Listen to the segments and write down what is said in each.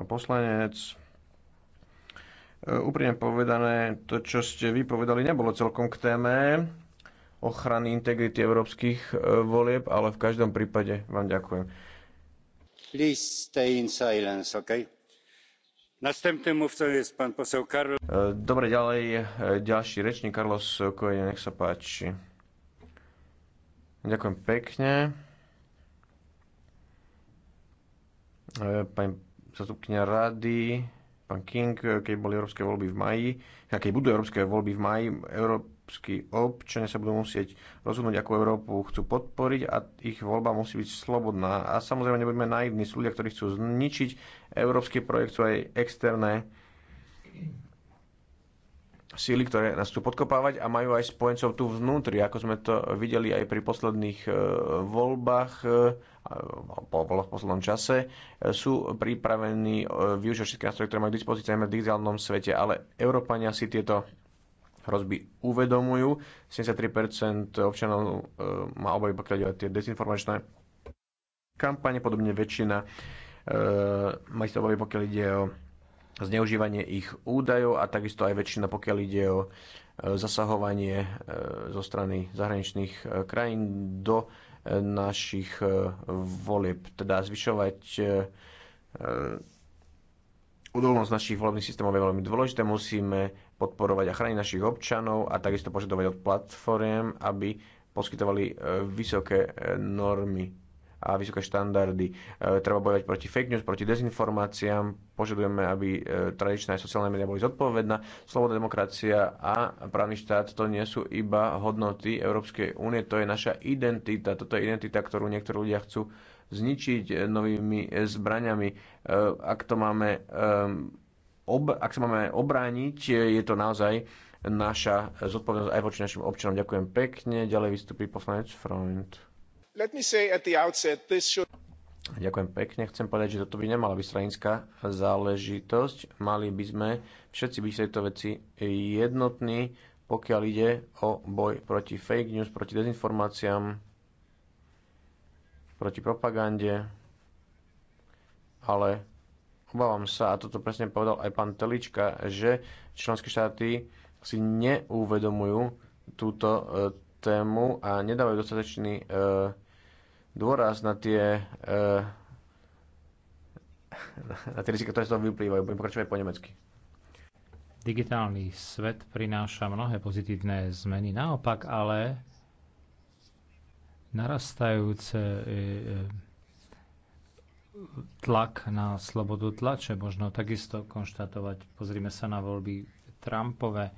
pán poslanec. E, úprimne povedané, to, čo ste vy povedali, nebolo celkom k téme ochrany integrity európskych e, volieb, ale v každom prípade vám ďakujem. Please stay in silence, okay? E, dobre, ďalej ďalší rečník Carlos Kojene, nech sa páči. Ďakujem pekne. Pani zastupkynia rady, pán King, keď boli európske voľby v maji, a keď budú európske voľby v maji, európsky občania sa budú musieť rozhodnúť, akú Európu chcú podporiť a ich voľba musí byť slobodná. A samozrejme nebudeme naivní, sú ľudia, ktorí chcú zničiť európsky projekt, sú aj externé síly, ktoré nás chcú podkopávať a majú aj spojencov tu vnútri, ako sme to videli aj pri posledných e, voľbách po, v poslednom čase, sú pripravení e, využiť všetky nástroje, ktoré majú k dispozícii v digitálnom svete, ale Európania si tieto hrozby uvedomujú. 73% občanov e, má obavy, pokiaľ tie dezinformačné kampane, podobne väčšina e, má si obavy, pokiaľ ide o zneužívanie ich údajov a takisto aj väčšina, pokiaľ ide o zasahovanie zo strany zahraničných krajín do našich e, volieb, teda zvyšovať e, e, odolnosť našich volebných systémov je veľmi dôležité. Musíme podporovať a chrániť našich občanov a takisto požadovať od platform, aby poskytovali vysoké normy a vysoké štandardy. E, treba bojovať proti fake news, proti dezinformáciám, požadujeme, aby e, tradičná aj sociálne médiá boli zodpovedná. Sloboda, demokracia a právny štát to nie sú iba hodnoty Európskej únie, to je naša identita. Toto je identita, ktorú niektorí ľudia chcú zničiť novými zbraňami. E, ak to máme ob, ak sa máme obrániť, je to naozaj naša zodpovednosť aj voči našim občanom. Ďakujem pekne. Ďalej vystupí poslanec Freund. Ďakujem pekne. Chcem povedať, že toto by nemala byť stranická záležitosť. Mali by sme všetci byť v tejto veci jednotní, pokiaľ ide o boj proti fake news, proti dezinformáciám, proti propagande. Ale obávam sa, a toto presne povedal aj pán Telička, že členské štáty si neuvedomujú túto e, tému a nedávajú dostatočný e, dôraz na tie, e, na tie rizika, ktoré z toho vyplývajú. Budem pokračovať po nemecky. Digitálny svet prináša mnohé pozitívne zmeny, naopak ale narastajúce e, e, tlak na slobodu tlače. Možno takisto konštatovať, pozrime sa na voľby Trumpove,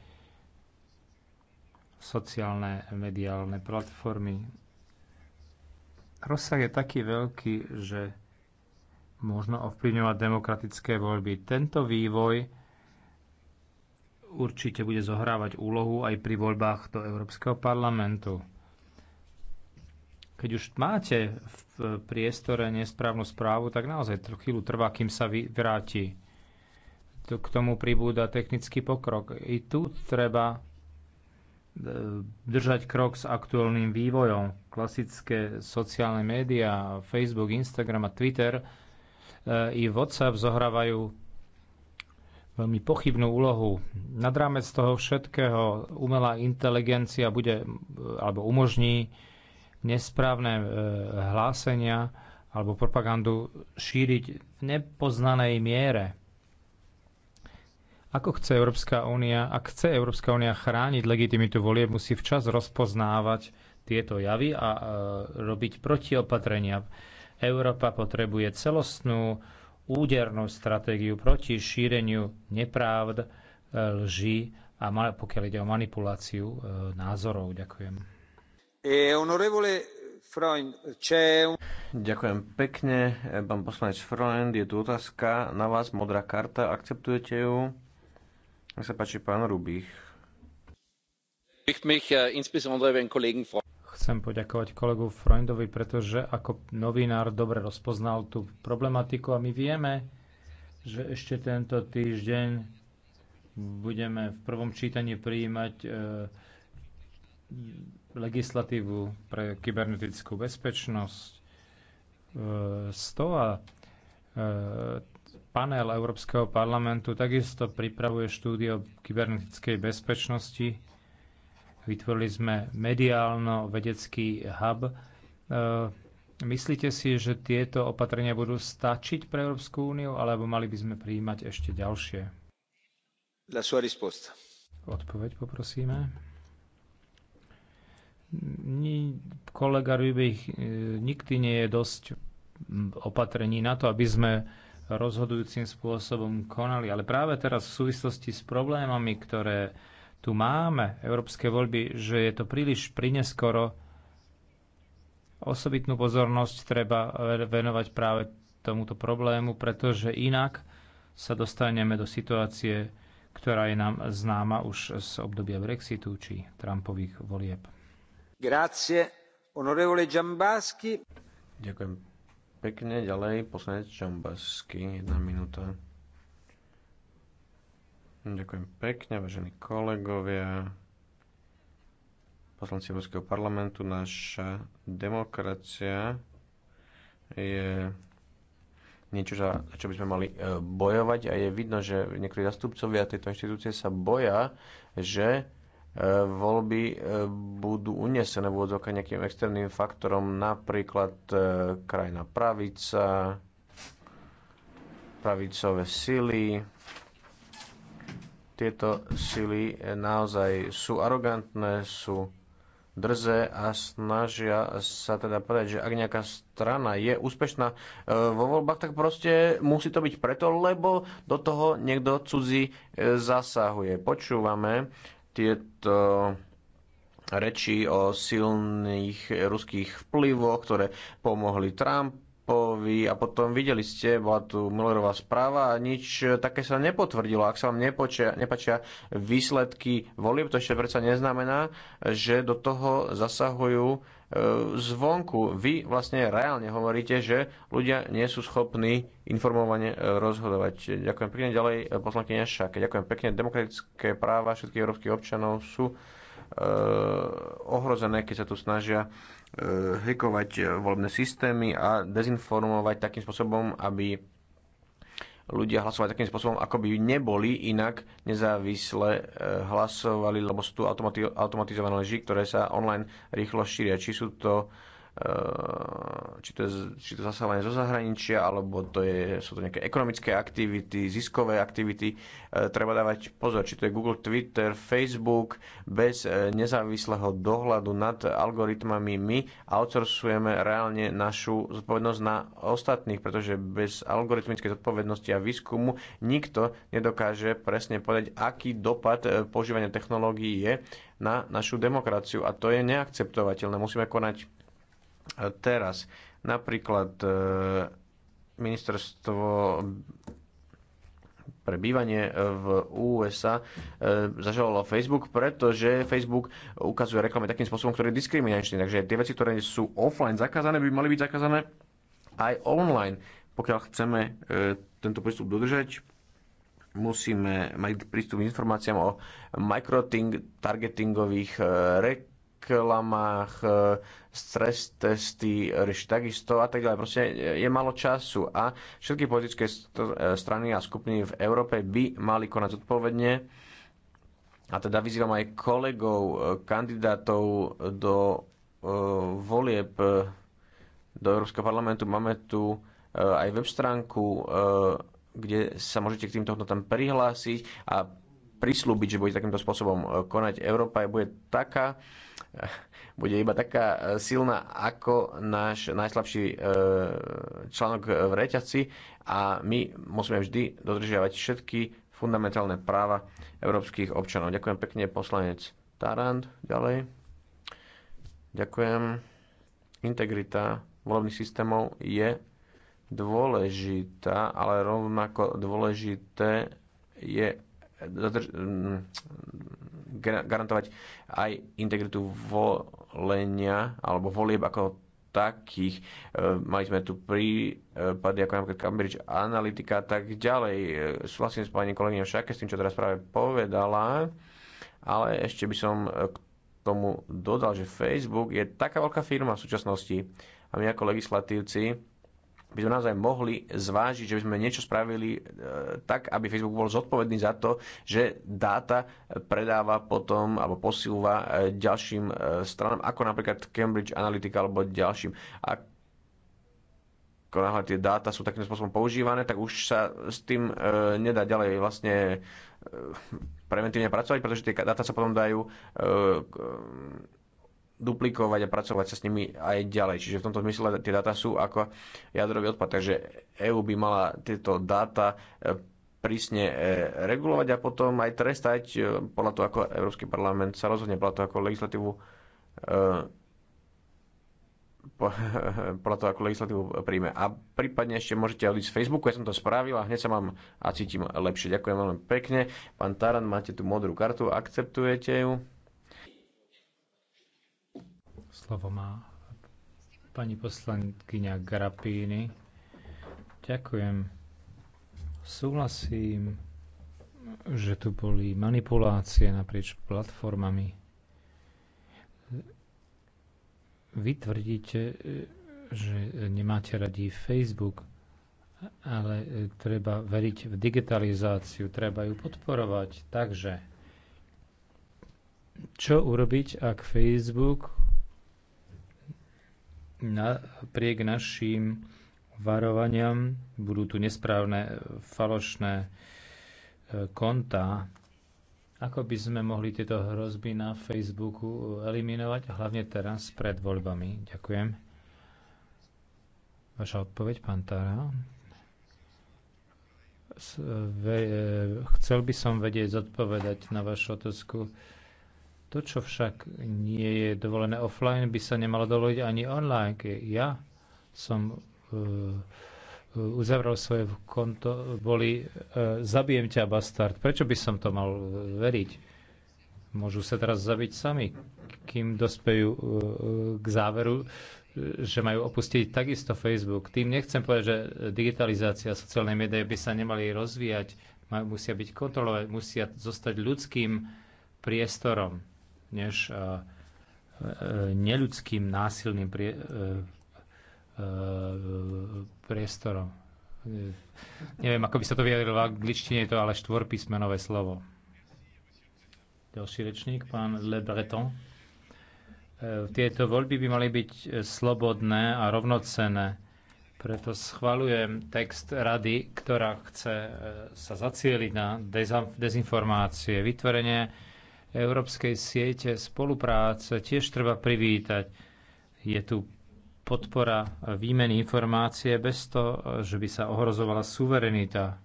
sociálne mediálne platformy. Rozsah je taký veľký, že možno ovplyvňovať demokratické voľby. Tento vývoj určite bude zohrávať úlohu aj pri voľbách do Európskeho parlamentu. Keď už máte v priestore nesprávnu správu, tak naozaj chvíľu trvá, kým sa vráti. K tomu pribúda technický pokrok. I tu treba držať krok s aktuálnym vývojom. Klasické sociálne médiá, Facebook, Instagram a Twitter e, i WhatsApp zohrávajú veľmi pochybnú úlohu. Nad rámec toho všetkého umelá inteligencia bude alebo umožní nesprávne e, hlásenia alebo propagandu šíriť v nepoznanej miere. Ako chce Európska únia, ak chce Európska únia chrániť legitimitu volieb, musí včas rozpoznávať tieto javy a e, robiť protiopatrenia. Európa potrebuje celostnú údernú stratégiu proti šíreniu nepravd, e, lží a pokiaľ ide o manipuláciu e, názorov. Ďakujem. E, onorevole Freund, če... Ďakujem pekne. E, pán poslanec Freund, je tu otázka na vás, modrá karta. Akceptujete ju? Nech sa páči, pán äh, Chcem poďakovať kolegu Freundovi, pretože ako novinár dobre rozpoznal tú problematiku a my vieme, že ešte tento týždeň budeme v prvom čítaní prijímať e, legislatívu pre kybernetickú bezpečnosť. Z e, toho. Panel Európskeho parlamentu takisto pripravuje o kybernetickej bezpečnosti. Vytvorili sme mediálno-vedecký hub. E, myslíte si, že tieto opatrenia budú stačiť pre Európsku úniu, alebo mali by sme prijímať ešte ďalšie? La sua risposta. Odpoveď poprosíme. Ni, kolega Rybich, e, nikdy nie je dosť opatrení na to, aby sme rozhodujúcim spôsobom konali. Ale práve teraz v súvislosti s problémami, ktoré tu máme, európske voľby, že je to príliš prineskoro, osobitnú pozornosť treba venovať práve tomuto problému, pretože inak sa dostaneme do situácie, ktorá je nám známa už z obdobia Brexitu či Trumpových volieb. Grazie, onorevole Ďakujem pekne. Ďalej poslanec Čambasky, jedna minúta. Ďakujem pekne, vážení kolegovia, poslanci Európskeho parlamentu. Naša demokracia je niečo, za čo by sme mali eh, bojovať a je vidno, že niektorí zastupcovia tejto inštitúcie sa boja, že E, voľby e, budú unesené v úvodzovke nejakým externým faktorom, napríklad e, krajná pravica, pravicové sily. Tieto sily naozaj sú arogantné, sú drze a snažia sa teda povedať, že ak nejaká strana je úspešná vo voľbách, tak proste musí to byť preto, lebo do toho niekto cudzí zasahuje. Počúvame tieto reči o silných ruských vplyvoch, ktoré pomohli Trumpovi a potom videli ste, bola tu Millerová správa a nič také sa nepotvrdilo. Ak sa vám nepočia, nepačia výsledky volieb, to ešte predsa neznamená, že do toho zasahujú zvonku. Vy vlastne reálne hovoríte, že ľudia nie sú schopní informovane e, rozhodovať. Ďakujem pekne. Ďalej e, poslankyňa Šáke. Ďakujem pekne. Demokratické práva všetkých európskych občanov sú e, ohrozené, keď sa tu snažia hekovať volebné systémy a dezinformovať takým spôsobom, aby ľudia hlasovať takým spôsobom, ako by neboli inak nezávisle e, hlasovali, lebo sú tu automatizované leži, ktoré sa online rýchlo šíria. Či sú to Eh, či to, je, či to zasávanie zo zahraničia, alebo to je, sú to nejaké ekonomické aktivity, ziskové aktivity. Eh, treba dávať pozor, či to je Google, Twitter, Facebook, bez eh, nezávislého dohľadu nad algoritmami my outsourcujeme reálne našu zodpovednosť na ostatných, pretože bez algoritmickej zodpovednosti a výskumu nikto nedokáže presne povedať, aký dopad používania technológií je na našu demokraciu a to je neakceptovateľné. Musíme konať teraz. Napríklad e, ministerstvo pre bývanie v USA e, zažalovalo Facebook, pretože Facebook ukazuje reklamy takým spôsobom, ktorý je diskriminačný. Takže tie veci, ktoré sú offline zakázané, by mali byť zakázané aj online. Pokiaľ chceme e, tento prístup dodržať, musíme mať prístup k informáciám o microtargetingových reklamách, stres testy riešiť takisto a tak ďalej. Proste je málo času a všetky politické strany a skupiny v Európe by mali konať zodpovedne a teda vyzývam aj kolegov, e, kandidátov do e, volieb e, do Európskeho parlamentu. Máme tu aj web stránku, kde sa môžete k týmto hodnotám prihlásiť a prislúbiť, že bude takýmto spôsobom konať. Európa je bude taká, bude iba taká e, silná ako náš najslabší e, článok v reťazci a my musíme vždy dodržiavať všetky fundamentálne práva európskych občanov. Ďakujem pekne, poslanec Tarant. Ďalej. Ďakujem. Integrita volebných systémov je dôležitá, ale rovnako dôležité je garantovať aj integritu volenia alebo volieb ako takých. E, mali sme tu prípady ako napríklad Cambridge Analytica a tak ďalej. E, súhlasím s pani kolegyňou Šake s tým, čo teraz práve povedala, ale ešte by som k tomu dodal, že Facebook je taká veľká firma v súčasnosti a my ako legislatívci by sme naozaj mohli zvážiť, že by sme niečo spravili e, tak, aby Facebook bol zodpovedný za to, že dáta predáva potom alebo posilva e, ďalším e, stranám, ako napríklad Cambridge Analytica alebo ďalším. A ako náhle tie dáta sú takým spôsobom používané, tak už sa s tým e, nedá ďalej vlastne e, preventívne pracovať, pretože tie dáta sa potom dajú e, e duplikovať a pracovať sa s nimi aj ďalej. Čiže v tomto zmysle tie dáta sú ako jadrový odpad. Takže EÚ by mala tieto dáta e, prísne e, regulovať a potom aj trestať e, podľa toho, ako Európsky parlament sa rozhodne, podľa toho, ako legislatívu podľa toho, ako legislatívu príjme. A prípadne ešte môžete odísť z Facebooku, ja som to spravil a hneď sa mám a cítim lepšie. Ďakujem veľmi pekne. Pán Taran, máte tú modrú kartu, akceptujete ju? Slovo má pani poslankyňa Grapíny. Ďakujem. Súhlasím, že tu boli manipulácie naprieč platformami. Vy tvrdíte, že nemáte radí Facebook, ale treba veriť v digitalizáciu, treba ju podporovať. Takže, čo urobiť, ak Facebook napriek našim varovaniam budú tu nesprávne e, falošné e, konta. Ako by sme mohli tieto hrozby na Facebooku e, eliminovať, hlavne teraz pred voľbami? Ďakujem. Vaša odpoveď, pán Tára? Chcel by som vedieť zodpovedať na vašu otázku to, čo však nie je dovolené offline, by sa nemalo dovoliť ani online. Ja som e, e, uzavral svoje konto, boli e, zabijem ťa, bastard. Prečo by som to mal veriť? Môžu sa teraz zabiť sami, kým dospejú k záveru, že majú opustiť takisto Facebook. Tým nechcem povedať, že digitalizácia sociálnej médie by sa nemali rozvíjať, musia byť kontrolované, musia zostať ľudským priestorom než e, e, neľudským násilným prie, e, priestorom. Neviem, ako by sa to vyjadrilo v angličtine, je to ale štvorpísmenové slovo. Ďalší rečník, pán Le Breton. Tieto voľby by mali byť slobodné a rovnocené. Preto schvalujem text rady, ktorá chce sa zacieliť na dezinformácie, vytvorenie európskej siete spolupráce tiež treba privítať. Je tu podpora výmeny informácie bez toho, že by sa ohrozovala suverenita.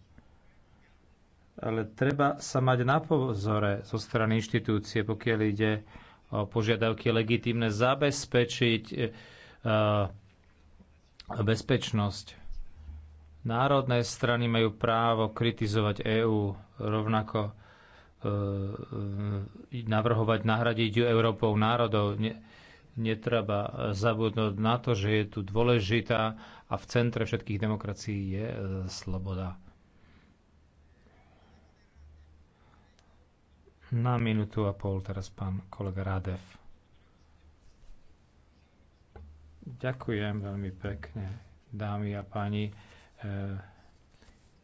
Ale treba sa mať na pozore zo strany inštitúcie, pokiaľ ide o požiadavky legitímne zabezpečiť e, e, bezpečnosť. Národné strany majú právo kritizovať EÚ rovnako E, e, navrhovať nahradiť ju Európou národov. Netreba zabudnúť na to, že je tu dôležitá a v centre všetkých demokracií je e, sloboda. Na minútu a pol teraz pán kolega Radev. Ďakujem veľmi pekne, dámy a páni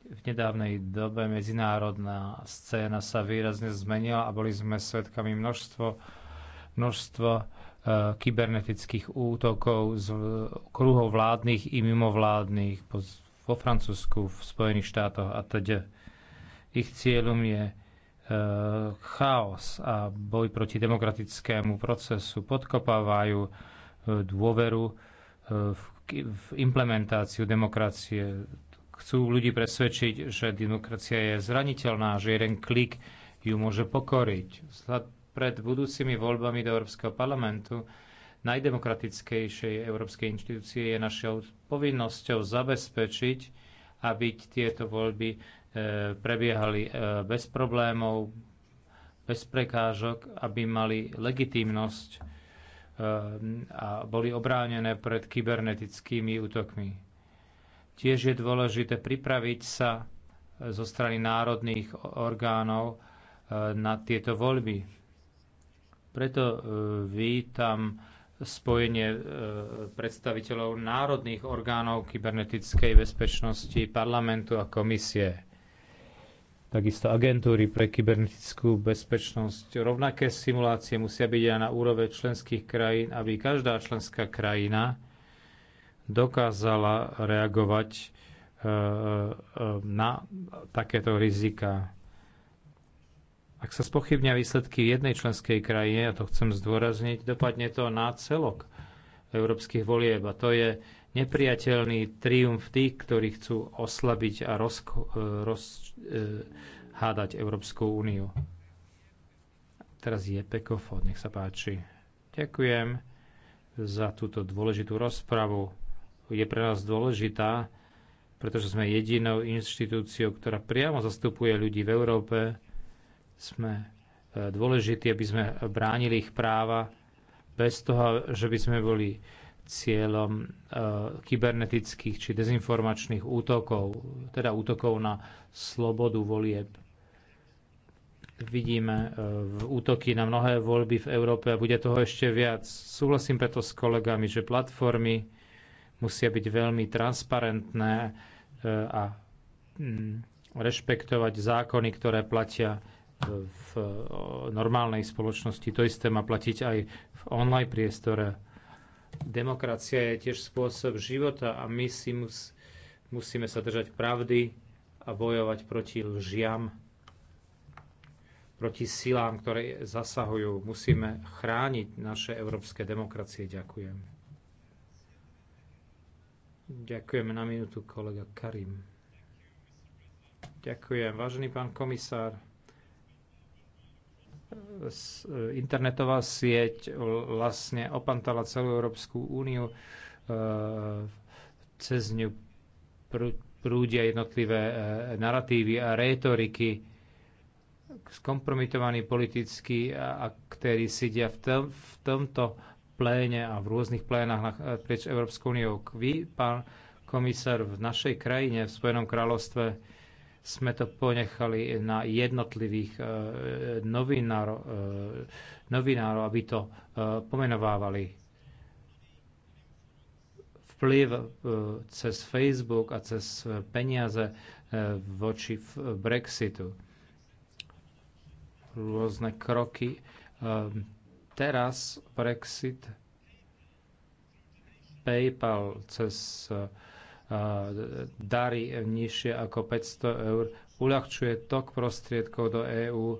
v nedávnej dobe medzinárodná scéna sa výrazne zmenila a boli sme svedkami množstvo, množstvo e, kybernetických útokov z kruhov vládnych i mimovládnych po, vo Francúzsku, v Spojených štátoch a teda. Ich cieľom je e, chaos a boj proti demokratickému procesu podkopávajú e, dôveru v v implementáciu demokracie chcú ľudí presvedčiť, že demokracia je zraniteľná, že jeden klik ju môže pokoriť. Pred budúcimi voľbami do Európskeho parlamentu najdemokratickejšej európskej inštitúcie je našou povinnosťou zabezpečiť, aby tieto voľby e, prebiehali e, bez problémov, bez prekážok, aby mali legitímnosť e, a boli obránené pred kybernetickými útokmi. Tiež je dôležité pripraviť sa e, zo strany národných orgánov e, na tieto voľby. Preto e, vítam spojenie predstaviteľov národných orgánov kybernetickej bezpečnosti, parlamentu a komisie. Takisto agentúry pre kybernetickú bezpečnosť. Rovnaké simulácie musia byť aj na úrove členských krajín, aby každá členská krajina dokázala reagovať e, e, e, na takéto rizika. Ak sa spochybnia výsledky jednej členskej krajine, a to chcem zdôrazniť, dopadne to na celok európskych volieb. A to je nepriateľný triumf tých, ktorí chcú oslabiť a rozhádať roz, Európsku úniu. Teraz je Pekofod, nech sa páči. Ďakujem za túto dôležitú rozpravu je pre nás dôležitá, pretože sme jedinou inštitúciou, ktorá priamo zastupuje ľudí v Európe. Sme e, dôležití, aby sme bránili ich práva bez toho, že by sme boli cieľom e, kybernetických či dezinformačných útokov, teda útokov na slobodu volieb. Vidíme e, útoky na mnohé voľby v Európe a bude toho ešte viac. Súhlasím preto s kolegami, že platformy, musia byť veľmi transparentné e, a mm, rešpektovať zákony, ktoré platia e, v e, normálnej spoločnosti. To isté má platiť aj v online priestore. Demokracia je tiež spôsob života a my si mus, musíme sa držať pravdy a bojovať proti lžiam, proti silám, ktoré zasahujú. Musíme chrániť naše európske demokracie. Ďakujem. Ďakujeme na minútu kolega Karim. Ďakujem. Vážený pán komisár, e, internetová sieť vlastne opantala celú Európsku úniu. E, cez ňu prúdia jednotlivé e, narratívy a rétoriky. Skompromitovaní politickí aktéry sedia v, tom, v tomto pléne a v rôznych plénach prieč Európskou úniou. Vy, pán komisár, v našej krajine, v Spojenom kráľovstve, sme to ponechali na jednotlivých e, novinárov, e, novinárov aby to e, pomenovávali. Vplyv cez Facebook a cez peniaze voči Brexitu. Rôzne kroky teraz Brexit PayPal cez e, e, dary nižšie ako 500 eur uľahčuje tok prostriedkov do EÚ e,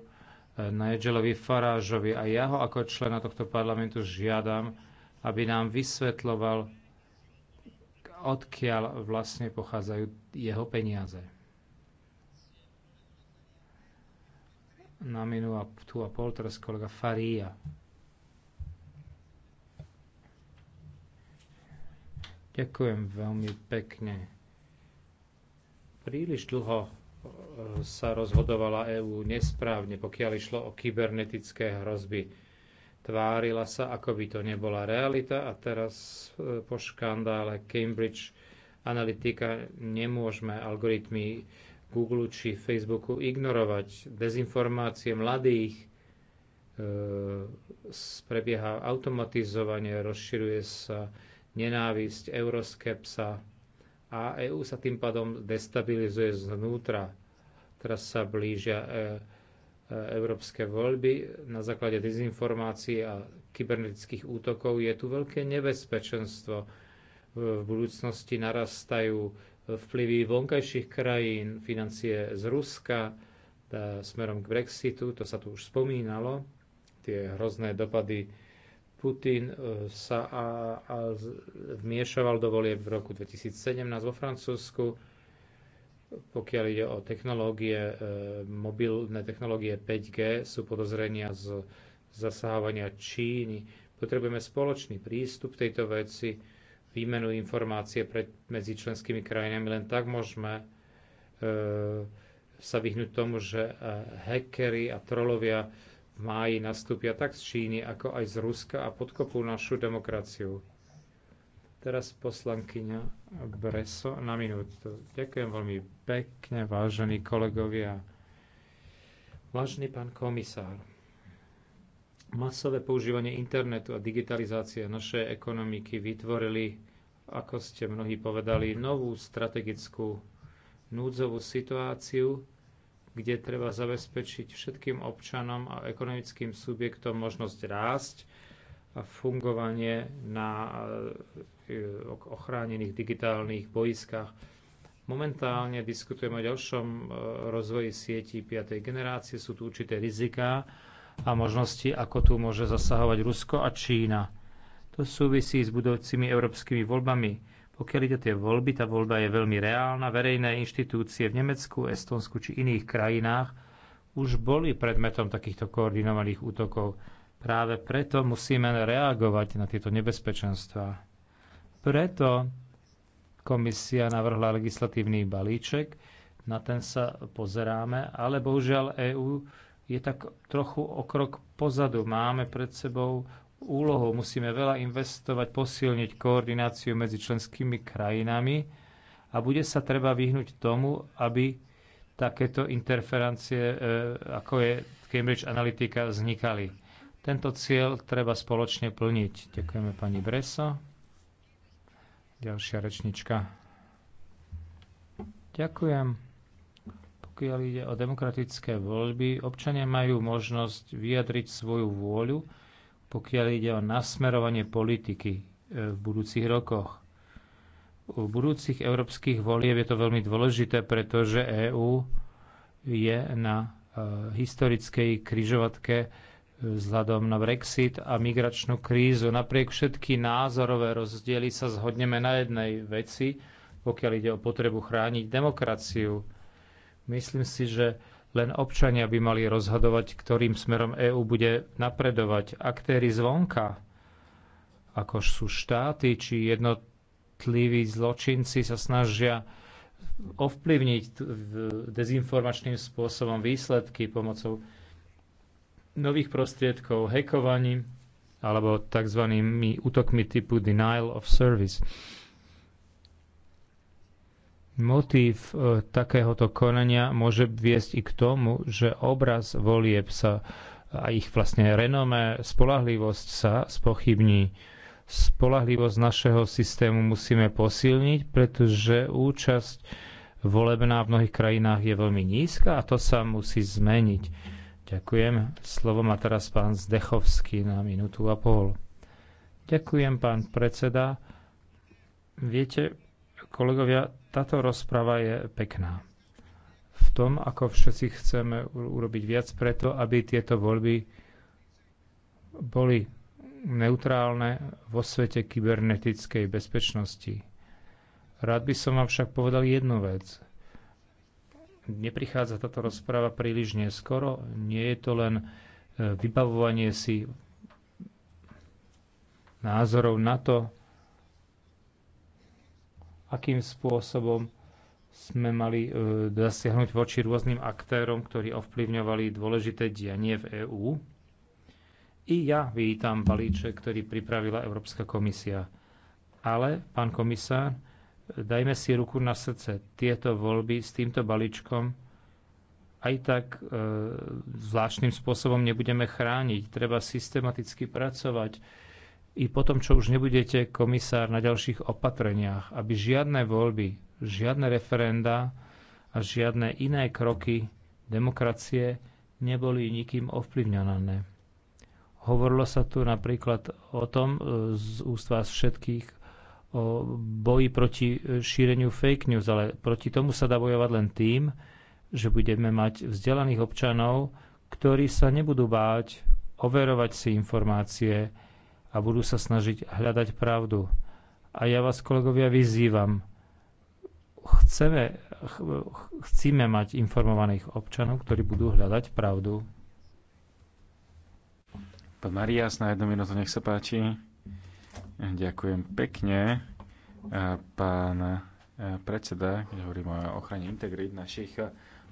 Nigelovi Farážovi a ja ho ako člena tohto parlamentu žiadam, aby nám vysvetloval, odkiaľ vlastne pochádzajú jeho peniaze. Na a tu a pol teraz kolega Faria. Ďakujem veľmi pekne. Príliš dlho e, sa rozhodovala EÚ nesprávne, pokiaľ išlo o kybernetické hrozby. Tvárila sa, ako by to nebola realita a teraz e, po škandále Cambridge Analytica nemôžeme algoritmy Google či Facebooku ignorovať. Dezinformácie mladých e, prebieha automatizovanie, rozširuje sa nenávisť, euroskepsa a EÚ sa tým pádom destabilizuje znútra. Teraz sa blížia e, e, európske voľby na základe dezinformácií a kybernetických útokov. Je tu veľké nebezpečenstvo. V budúcnosti narastajú vplyvy vonkajších krajín, financie z Ruska e, smerom k Brexitu, to sa tu už spomínalo, tie hrozné dopady Putin e, sa a, a vmiešoval do volieb v roku 2017 vo Francúzsku, pokiaľ ide o technológie, e, mobilné technológie 5G, sú podozrenia z zasahovania Číny. Potrebujeme spoločný prístup tejto veci, výmenu informácie pred, medzi členskými krajinami. Len tak môžeme e, sa vyhnúť tomu, že e, hackery a trolovia máji nastúpia tak z Číny, ako aj z Ruska a podkopú našu demokraciu. Teraz poslankyňa Breso na minútu. Ďakujem veľmi pekne, vážení kolegovia. Vážený pán komisár, masové používanie internetu a digitalizácia našej ekonomiky vytvorili, ako ste mnohí povedali, novú strategickú núdzovú situáciu, kde treba zabezpečiť všetkým občanom a ekonomickým subjektom možnosť rásť a fungovanie na e, ochránených digitálnych boiskách. Momentálne diskutujeme o ďalšom e, rozvoji sietí 5. generácie. Sú tu určité riziká a možnosti, ako tu môže zasahovať Rusko a Čína. To súvisí s budúcimi európskymi voľbami pokiaľ ide tie voľby, tá voľba je veľmi reálna. Verejné inštitúcie v Nemecku, Estonsku či iných krajinách už boli predmetom takýchto koordinovaných útokov. Práve preto musíme reagovať na tieto nebezpečenstvá. Preto komisia navrhla legislatívny balíček, na ten sa pozeráme, ale bohužiaľ EÚ je tak trochu o krok pozadu. Máme pred sebou úlohou. Musíme veľa investovať, posilniť koordináciu medzi členskými krajinami a bude sa treba vyhnúť tomu, aby takéto interferencie, e, ako je Cambridge Analytica, vznikali. Tento cieľ treba spoločne plniť. Ďakujeme pani Breso. Ďalšia rečnička. Ďakujem pokiaľ ide o demokratické voľby, občania majú možnosť vyjadriť svoju vôľu pokiaľ ide o nasmerovanie politiky e, v budúcich rokoch. U budúcich európskych volieb je to veľmi dôležité, pretože EÚ je na e, historickej kryžovatke e, vzhľadom na Brexit a migračnú krízu. Napriek všetky názorové rozdiely sa zhodneme na jednej veci, pokiaľ ide o potrebu chrániť demokraciu. Myslím si, že len občania by mali rozhodovať, ktorým smerom EÚ bude napredovať. Aktéry zvonka, ako sú štáty či jednotliví zločinci, sa snažia ovplyvniť dezinformačným spôsobom výsledky pomocou nových prostriedkov, hekovaním alebo tzv. útokmi typu denial of service. Motív e, takéhoto konania môže viesť i k tomu, že obraz volieb sa a ich vlastne renomé, spolahlivosť sa spochybní. Spolahlivosť našeho systému musíme posilniť, pretože účasť volebná v mnohých krajinách je veľmi nízka a to sa musí zmeniť. Ďakujem. Slovo má teraz pán Zdechovský na minútu a pol. Ďakujem, pán predseda. Viete, kolegovia, táto rozprava je pekná. V tom, ako všetci chceme urobiť viac preto, aby tieto voľby boli neutrálne vo svete kybernetickej bezpečnosti. Rád by som vám však povedal jednu vec. Neprichádza táto rozpráva príliš neskoro, nie je to len e, vybavovanie si názorov na to, akým spôsobom sme mali e, zasiahnuť voči rôznym aktérom, ktorí ovplyvňovali dôležité dianie v EÚ. I ja vítam balíček, ktorý pripravila Európska komisia. Ale, pán komisár, dajme si ruku na srdce. Tieto voľby s týmto balíčkom aj tak e, zvláštnym spôsobom nebudeme chrániť. Treba systematicky pracovať i potom, čo už nebudete komisár na ďalších opatreniach, aby žiadne voľby, žiadne referenda a žiadne iné kroky demokracie neboli nikým ovplyvňované. Hovorilo sa tu napríklad o tom e, z úst vás všetkých o boji proti šíreniu fake news, ale proti tomu sa dá bojovať len tým, že budeme mať vzdelaných občanov, ktorí sa nebudú báť overovať si informácie, a budú sa snažiť hľadať pravdu. A ja vás, kolegovia, vyzývam. Chceme, ch chcíme mať informovaných občanov, ktorí budú hľadať pravdu. Pán Marias, na jednu minútu, nech sa páči. Ďakujem pekne. Pán e, predseda, keď hovorím o ochrane integrit našich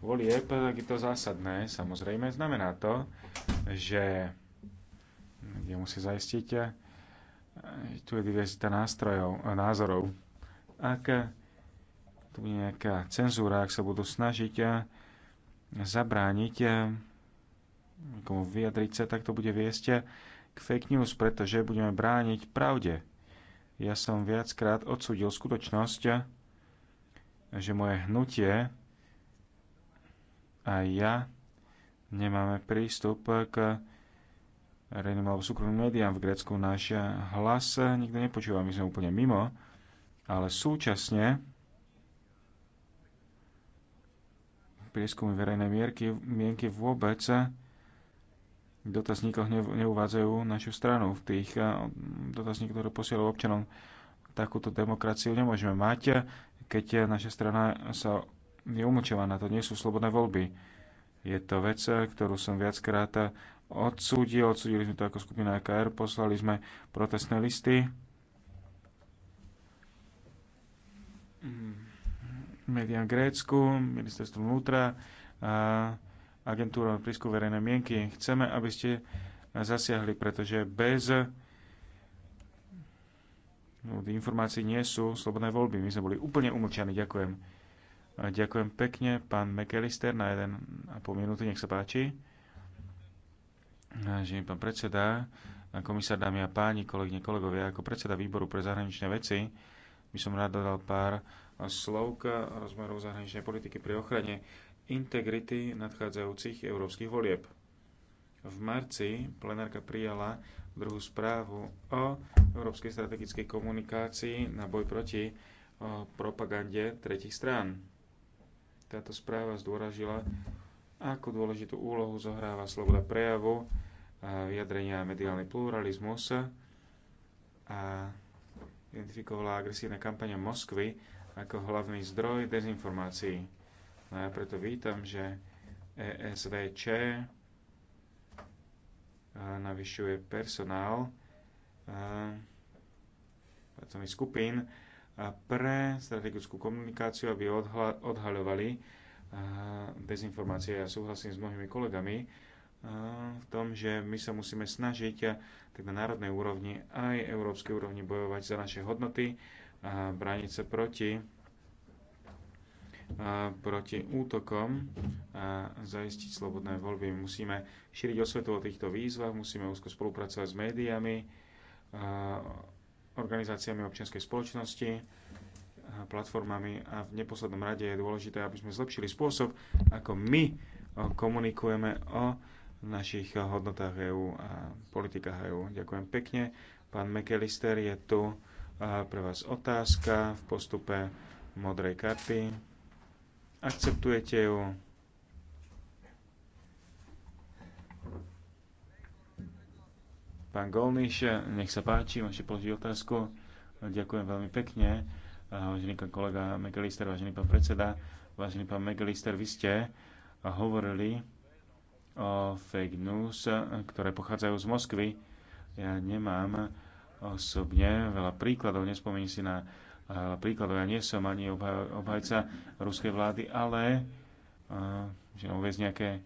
volieb, tak je to zásadné. Samozrejme, znamená to, že kde musí zaistiť. E, tu je diverzita nástrojov, e, názorov. Ak tu bude nejaká cenzúra, ak sa budú snažiť e, zabrániť komu vyjadriť sa, tak to bude viesť k fake news, pretože budeme brániť pravde. Ja som viackrát odsudil skutočnosť, že moje hnutie a ja nemáme prístup k verejným alebo súkromným médiám v Grécku. Náš hlas nikto nepočúva, my sme úplne mimo, ale súčasne prieskumy verejnej mierky, mienky vôbec v dotazníkoch neuvádzajú našu stranu. V tých eh, dotazníkoch, ktoré posielajú občanom, takúto demokraciu nemôžeme mať, keď naša strana sa je umlčovaná. To nie sú slobodné voľby. Je to vec, eh, ktorú som viackrát eh, odsúdil, odsúdili sme to ako skupina EKR, poslali sme protestné listy. Media Grécku, ministerstvo vnútra, a agentúra prísku verejnej mienky. Chceme, aby ste zasiahli, pretože bez informácií nie sú slobodné voľby. My sme boli úplne umlčaní. Ďakujem. ďakujem pekne, pán McAllister, na jeden pol minúty, nech sa páči. Vážený pán predseda, komisár dámy a páni, kolegyne, kolegovia, ako predseda výboru pre zahraničné veci by som rád dodal pár slov k rozmerov zahraničnej politiky pri ochrane integrity nadchádzajúcich európskych volieb. V marci plenárka prijala druhú správu o európskej strategickej komunikácii na boj proti eh, propagande tretich strán. Táto správa zdôražila ako dôležitú úlohu zohráva sloboda prejavu, vyjadrenia a mediálny pluralizmus a identifikovala agresívne kampania Moskvy ako hlavný zdroj dezinformácií. No ja preto vítam, že ESVČ navyšuje personál pracovných skupín pre strategickú komunikáciu, aby odhaľovali dezinformácie. Ja súhlasím s mnohými kolegami v tom, že my sa musíme snažiť tak na národnej úrovni aj európskej úrovni bojovať za naše hodnoty a brániť sa proti proti útokom a zaistiť slobodné voľby. Musíme šíriť osvetu o týchto výzvach, musíme úzko spolupracovať s médiami, organizáciami občianskej spoločnosti platformami a v neposlednom rade je dôležité, aby sme zlepšili spôsob, ako my eh, komunikujeme o našich eh, hodnotách EU a politikách EU. Ďakujem pekne. Pán McAllister je tu eh, pre vás otázka v postupe modrej karty. Akceptujete ju? Pán Golniš, nech sa páči, môžete položiť otázku. Ďakujem veľmi pekne vážený pán kolega Megalister, vážený pán predseda, vážený pán Megalister, vy ste hovorili o fake news, ktoré pochádzajú z Moskvy. Ja nemám osobne veľa príkladov, nespomínam si na veľa príkladov. Ja nie som ani obhajca ruskej vlády, ale že uviezť nejaké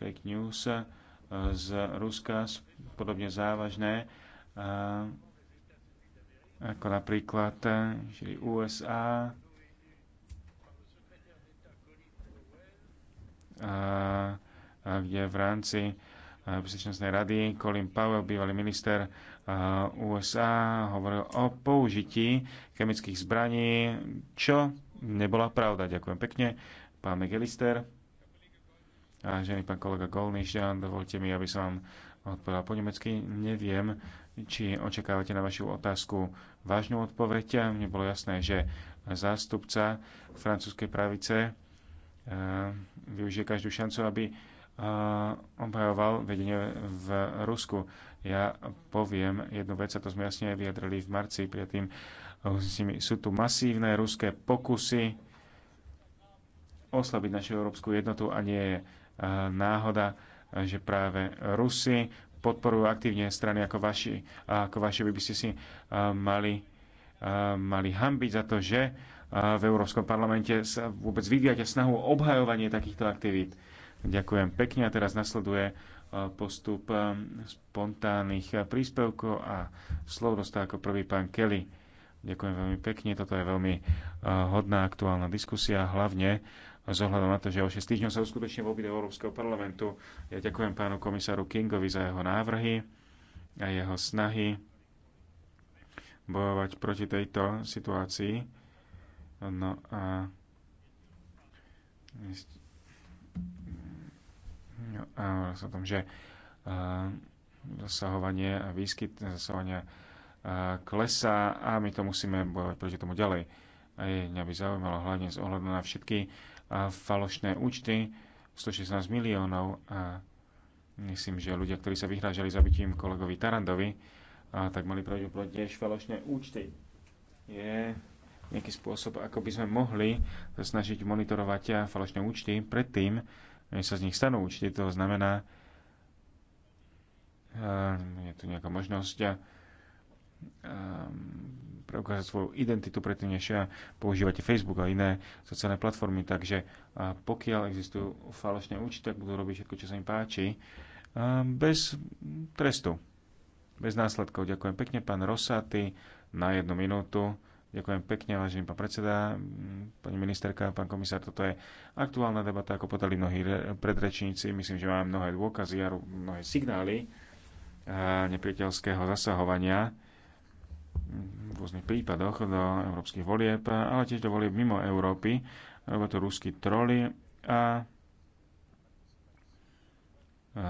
fake news z Ruska, podobne závažné, ako napríklad eh, USA, a, a eh, eh, kde v rámci Bezpečnostnej rady Colin Powell, bývalý minister USA, hovoril o použití chemických zbraní, čo nebola pravda. Ďakujem pekne, pán A ženy, pán kolega Golniš, dovolte mi, aby som vám odpovedal po nemecky. Neviem, či očakávate na vašu otázku vážnu odpoveď. Mne bolo jasné, že zástupca francúzskej pravice eh, využije každú šancu, aby eh, obhajoval vedenie v Rusku. Ja poviem jednu vec, a to sme jasne vyjadrili v marci predtým. Eh, sú tu masívne ruské pokusy oslabiť našu európsku jednotu a nie je náhoda, že práve Rusy podporujú aktívne strany ako vaši, ako vaši by by ste si mali, mali hambiť za to, že v Európskom parlamente sa vôbec vyvíjate snahu o obhajovanie takýchto aktivít. Ďakujem pekne a teraz nasleduje postup spontánnych príspevkov a slov dostá ako prvý pán Kelly. Ďakujem veľmi pekne, toto je veľmi hodná aktuálna diskusia, hlavne Zohľadom na to, že o 6 týždňov sa uskutočne voľby do Európskeho parlamentu. Ja ďakujem pánu komisáru Kingovi za jeho návrhy a jeho snahy bojovať proti tejto situácii. No a, no a o tom, že zasahovanie a výskyt zasahovania a, klesá a my to musíme bojovať proti tomu ďalej. A je, mňa by zaujímalo hlavne z ohľadu na všetky falošné účty 116 miliónov a myslím, že ľudia, ktorí sa vyhrážali zabitím kolegovi Tarandovi, a tak mali pravdepodobne tiež falošné účty. Je nejaký spôsob, ako by sme mohli sa snažiť monitorovať falošné účty predtým, než sa z nich stanú účty. To znamená, je tu nejaká možnosť preukázať svoju identitu predtým, než používate Facebook a iné sociálne platformy. Takže pokiaľ existujú falošné účty, tak budú robiť všetko, čo sa im páči, bez trestu, bez následkov. Ďakujem pekne, pán Rosaty, na jednu minútu. Ďakujem pekne, vážený pán predseda, pani ministerka, pán komisár. Toto je aktuálna debata, ako podali mnohí predrečníci. Myslím, že máme mnohé dôkazy a mnohé signály nepriateľského zasahovania v rôznych prípadoch do európskych volieb, ale tiež do volieb mimo Európy. Robia to rúsky troli a, a e,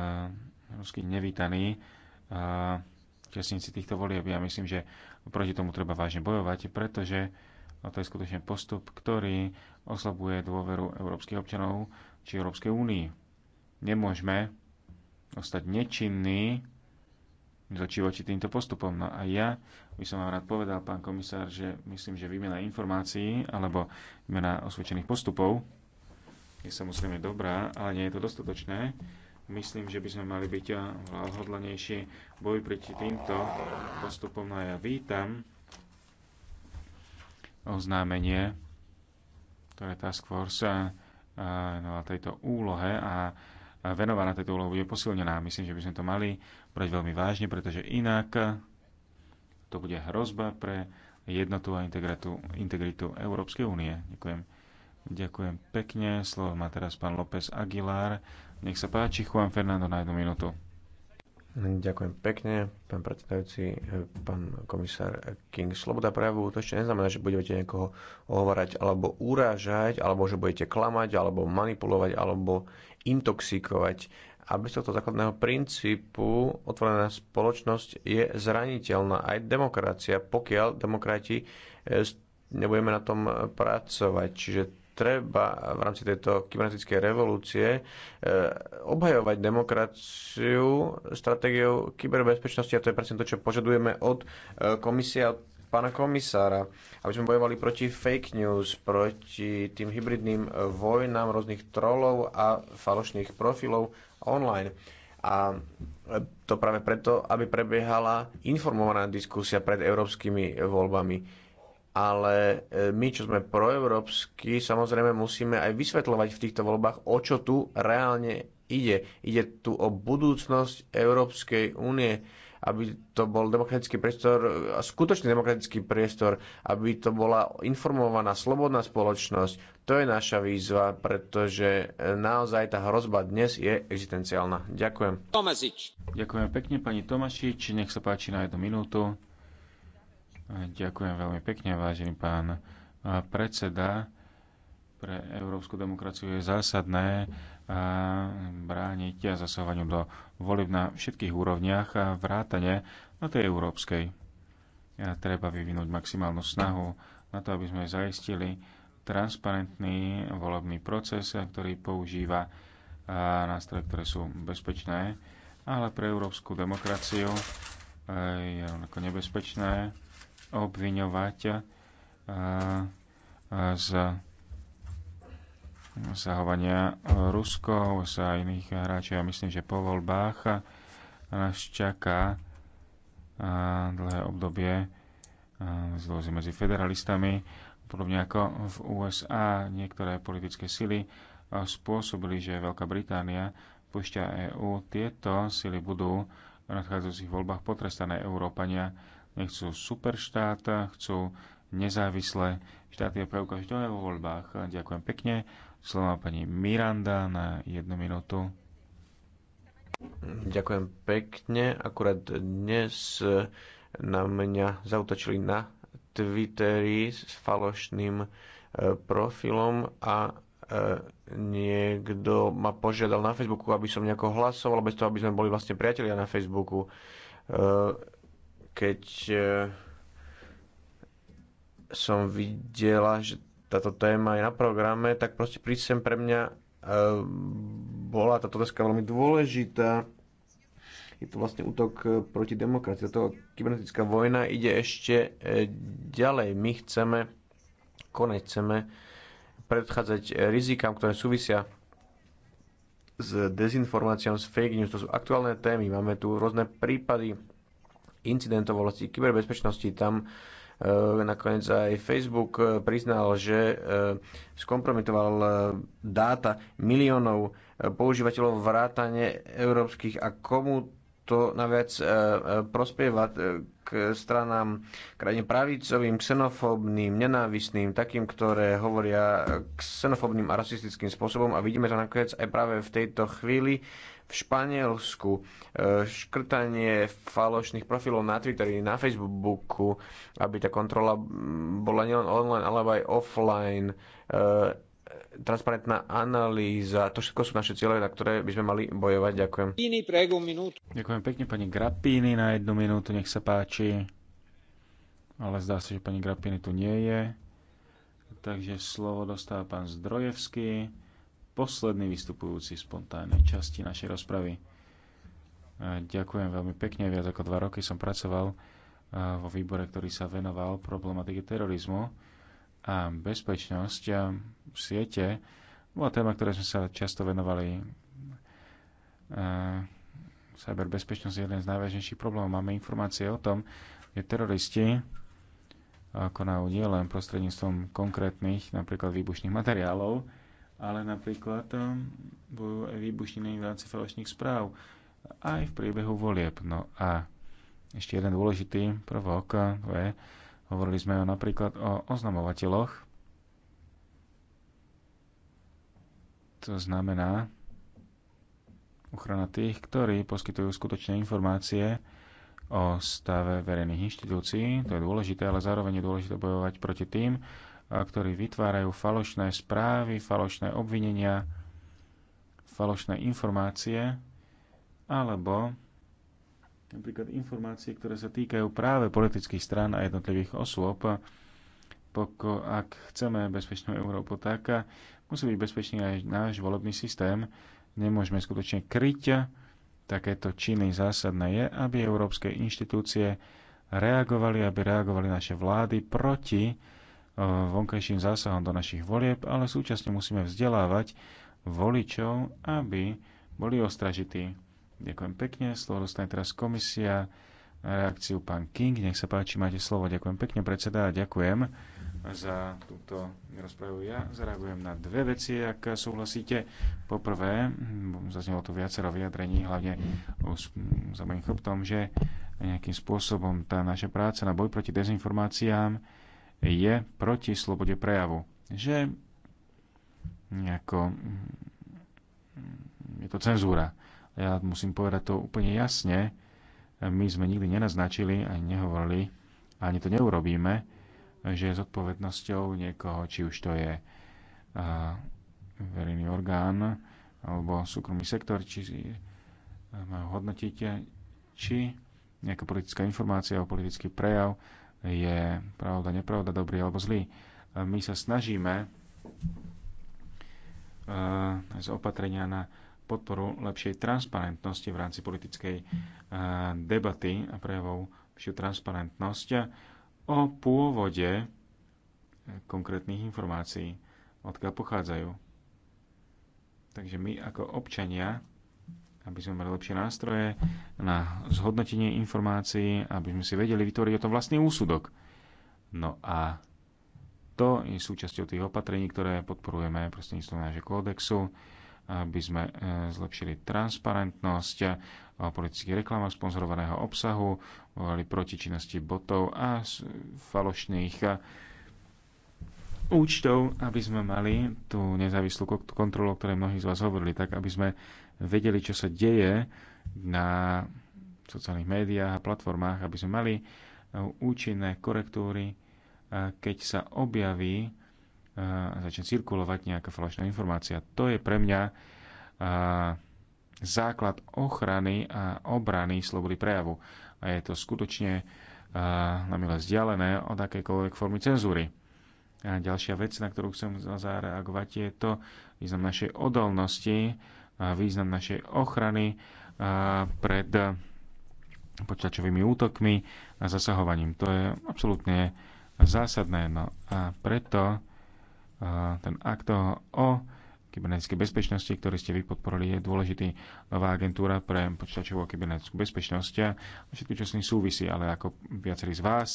ruskí nevítaní česníci e, týchto volieb. Ja myslím, že proti tomu treba vážne bojovať, pretože to je skutočne postup, ktorý oslabuje dôveru európskych občanov či Európskej únii. Nemôžeme ostať nečinní zočívoči voči týmto postupom. No a ja by som vám rád povedal, pán komisár, že myslím, že výmena informácií alebo výmena osvedčených postupov je samozrejme dobrá, ale nie je to dostatočné. Myslím, že by sme mali byť hodlanejší boj proti týmto postupom. No a ja vítam oznámenie, ktoré Task Force na no, tejto úlohe a venovaná tejto úlohe bude posilnená. Myslím, že by sme to mali brať veľmi vážne, pretože inak to bude hrozba pre jednotu a integritu, integritu Európskej únie. Ďakujem. Ďakujem pekne. Slovo má teraz pán López Aguilar. Nech sa páči, Juan Fernando na jednu minútu. Ďakujem pekne, pán predsedajúci, pán komisár King. Sloboda prejavu to ešte neznamená, že budete niekoho ohovárať alebo urážať, alebo že budete klamať, alebo manipulovať, alebo intoxikovať. A bez tohto základného princípu otvorená spoločnosť je zraniteľná. Aj demokracia, pokiaľ demokrati e, nebudeme na tom pracovať. Čiže treba v rámci tejto kybernetickej revolúcie e, obhajovať demokraciu stratégiou kyberbezpečnosti a to je presne to, čo požadujeme od e, komisie, od pána komisára, aby sme bojovali proti fake news, proti tým hybridným vojnám rôznych trolov a falošných profilov online. A to práve preto, aby prebiehala informovaná diskusia pred európskymi voľbami ale e, my, čo sme proeurópsky, samozrejme musíme aj vysvetľovať v týchto voľbách, o čo tu reálne ide. Ide tu o budúcnosť Európskej únie aby to bol demokratický priestor, skutočný demokratický priestor, aby to bola informovaná, slobodná spoločnosť. To je naša výzva, pretože e, naozaj tá hrozba dnes je existenciálna. Ďakujem. Tomazič. Ďakujem pekne, pani Tomašič. Nech sa páči na jednu minútu. E, ďakujem veľmi pekne, vážený pán e, predseda. Pre európsku demokraciu je zásadné, brániť a zasahovaniu do volieb na všetkých úrovniach a vrátane na tej európskej. A treba vyvinúť maximálnu snahu na to, aby sme zaistili transparentný volebný proces, ktorý používa nástroje, ktoré sú bezpečné, ale pre európsku demokraciu je rovnako nebezpečné obviňovať z zahovania Rusko, sa a iných hráčov. a myslím, že po voľbách nás čaká dlhé obdobie zlozy medzi federalistami, podobne ako v USA niektoré politické sily spôsobili, že Veľká Británia pušťa EÚ. Tieto sily budú v nadchádzajúcich voľbách potrestané Európania. Nechcú superštát, chcú nezávislé štáty a preukáž vo voľbách. Ďakujem pekne slova pani Miranda na jednu minútu. Ďakujem pekne. Akurát dnes na mňa zautočili na Twitteri s falošným e, profilom a e, niekto ma požiadal na Facebooku, aby som nejako hlasoval, bez toho, aby sme boli vlastne priatelia na Facebooku. E, keď som videla, že táto téma je na programe, tak proste príď sem pre mňa e, bola táto otázka veľmi dôležitá. Je to vlastne útok e, proti demokracii. Toto kybernetická vojna ide ešte e, ďalej. My chceme konec chceme predchádzať rizikám, ktoré súvisia s dezinformáciou, s fake news. To sú aktuálne témy. Máme tu rôzne prípady incidentov v oblasti kyberbezpečnosti. Tam Eh, nakoniec aj Facebook eh, priznal, že eh, skompromitoval dáta miliónov používateľov vrátane európskych a komu to naviac prospieva k stranám krajine pravicovým, xenofóbnym, nenávisným, takým, ktoré hovoria xenofóbnym a rasistickým spôsobom a vidíme to nakoniec aj práve v tejto chvíli v Španielsku, e, škrtanie falošných profilov na Twitteri, na Facebooku, aby tá kontrola bola nielen online, ale aj offline, e, transparentná analýza, to všetko sú naše cieľe, na ktoré by sme mali bojovať. Ďakujem. Ďakujem pekne pani grapini na jednu minútu, nech sa páči. Ale zdá sa, že pani grapini tu nie je. Takže slovo dostáva pán Zdrojevský posledný vystupujúci v spontánnej časti našej rozpravy. Ďakujem veľmi pekne. Viac ako dva roky som pracoval vo výbore, ktorý sa venoval problematike terorizmu a bezpečnosť a v siete. Bola téma, ktoré sme sa často venovali. Cyberbezpečnosť je jeden z najvážnejších problémov. Máme informácie o tom, že teroristi konajú nielen prostredníctvom konkrétnych, napríklad výbušných materiálov, ale napríklad budú um, výbušniny v rámci falošných správ aj v priebehu volieb. No a ešte jeden dôležitý prvok eh, je, hovorili sme napríklad o oznamovateľoch. To znamená ochrana tých, ktorí poskytujú skutočné informácie o stave verejných inštitúcií. To je dôležité, ale zároveň je dôležité bojovať proti tým, ktorí vytvárajú falošné správy, falošné obvinenia, falošné informácie alebo napríklad informácie, ktoré sa týkajú práve politických strán a jednotlivých osôb. Poko, ak chceme bezpečnú Európu, tak musí byť bezpečný aj náš volebný systém. Nemôžeme skutočne kryť takéto činy. Zásadné je, aby európske inštitúcie reagovali, aby reagovali naše vlády proti vonkajším zásahom do našich volieb, ale súčasne musíme vzdelávať voličov, aby boli ostražití. Ďakujem pekne, slovo dostane teraz komisia, reakciu pán King, nech sa páči, máte slovo. Ďakujem pekne, predseda, a ďakujem za túto rozpravu. Ja zareagujem na dve veci, ak súhlasíte. Poprvé, zaznelo tu viacero vyjadrení, hlavne za mojim chrbtom, že nejakým spôsobom tá naša práca na boj proti dezinformáciám je proti slobode prejavu. Že nejako mm, je to cenzúra. Ja musím povedať to úplne jasne. My sme nikdy nenaznačili ani nehovorili, ani to neurobíme, že s odpovednosťou niekoho, či už to je verejný orgán alebo súkromný sektor, či e, majú hodnotíte, či nejaká politická informácia alebo politický prejav je pravda, nepravda, dobrý alebo zlý. My sa snažíme e, z opatrenia na podporu lepšej transparentnosti v rámci politickej e, debaty a prejavov lepšiu transparentnosť e, o pôvode konkrétnych informácií, odkiaľ pochádzajú. Takže my ako občania aby sme mali lepšie nástroje na zhodnotenie informácií, aby sme si vedeli vytvoriť o tom vlastný úsudok. No a to je súčasťou tých opatrení, ktoré podporujeme prostredníctvom nášho kódexu, aby sme e, zlepšili transparentnosť o e, politických reklamách sponzorovaného obsahu, bojovali proti činnosti botov a falošných e, účtov, aby sme mali tú nezávislú kontrolu, o ktorej mnohí z vás hovorili, tak aby sme vedeli, čo sa deje na sociálnych médiách a platformách, aby sme mali eh, účinné korektúry, eh, keď sa objaví eh, a začne cirkulovať nejaká falošná informácia. To je pre mňa základ ochrany a obrany slobody prejavu. A je to skutočne na milé vzdialené od akejkoľvek formy cenzúry. A ďalšia vec, na ktorú chcem zareagovať, je to význam našej odolnosti význam našej ochrany pred počítačovými útokmi a zasahovaním. To je absolútne zásadné. No a preto ten akt o kybernetickej bezpečnosti, ktorý ste vy podporili, je dôležitý. Nová agentúra pre počítačovú a kybernetickú bezpečnosť a všetko, čo s ním súvisí, ale ako viacerí z vás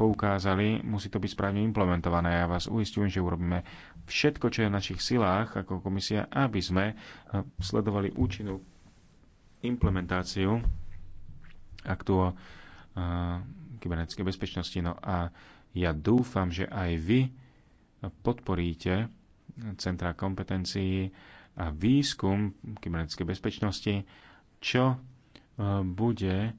poukázali, musí to byť správne implementované. Ja vás uistujem, že urobíme všetko, čo je v našich silách ako komisia, aby sme eh, sledovali účinnú implementáciu aktu o eh, kybernetickej bezpečnosti. No a ja dúfam, že aj vy podporíte centra kompetencií a výskum kybernetickej bezpečnosti, čo eh, bude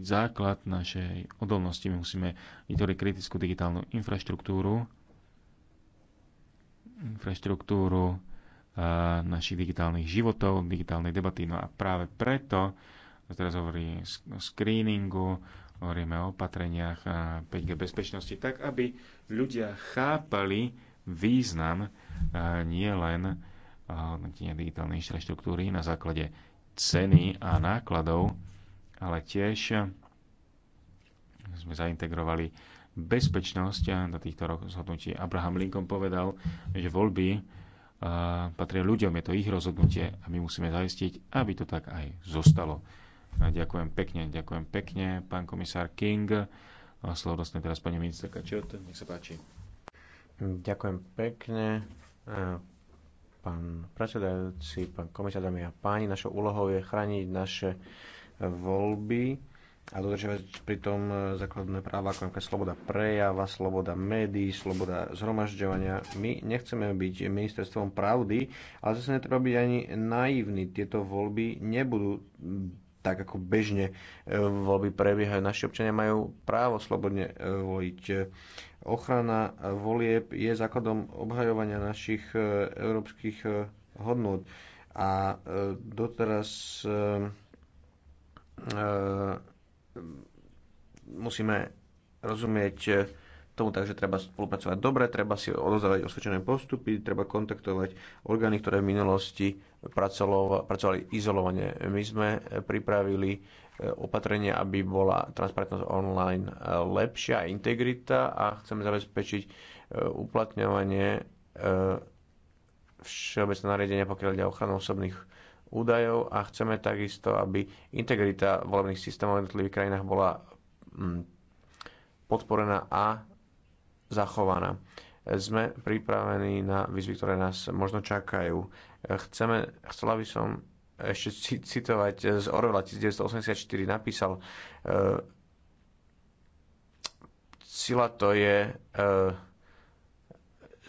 byť základ našej odolnosti. My musíme vytvoriť kritickú digitálnu infraštruktúru, infraštruktúru našich digitálnych životov, digitálnej debaty. No a práve preto teraz hovorí o screeningu, hovoríme o opatreniach 5G bezpečnosti, tak aby ľudia chápali význam nie len digitálnej infraštruktúry na základe ceny a nákladov, ale tiež sme zaintegrovali bezpečnosť do týchto rozhodnutí. Abraham Lincoln povedal, že voľby eh, patria ľuďom, je to ich rozhodnutie a my musíme zaistiť, aby to tak aj zostalo. Ďakujem pekne, ďakujem pekne, pán komisár King. Slovo dostane teraz pani ministerka Čot, nech sa páči. Ďakujem pekne. E, pán predsedajúci, pán komisár, dámy a páni, našou úlohou je chrániť naše voľby a dodržiavať pritom základné práva ako napríklad sloboda prejava, sloboda médií, sloboda zhromažďovania. My nechceme byť ministerstvom pravdy, ale zase netreba byť ani naivní. Tieto voľby nebudú tak ako bežne e, voľby prebiehajú. Naši občania majú právo slobodne e, voliť. Ochrana volieb je základom obhajovania našich e, európskych hodnot. A doteraz E, musíme rozumieť e, tomu tak, že treba spolupracovať dobre, treba si odozdávať osvedčené postupy, treba kontaktovať orgány, ktoré v minulosti pracovali izolovane. My sme pripravili e, opatrenie, aby bola transparentnosť online lepšia, integrita a chceme zabezpečiť uplatňovanie všeobecné nariadenia, pokiaľ ide o ochranu osobných údajov a chceme takisto, aby integrita volebných systémov v jednotlivých krajinách bola mm, podporená a zachovaná. Sme pripravení na výzvy, ktoré nás možno čakajú. Chceme, chcela by som ešte citovať z Orwella 1984 napísal e, Sila to je e,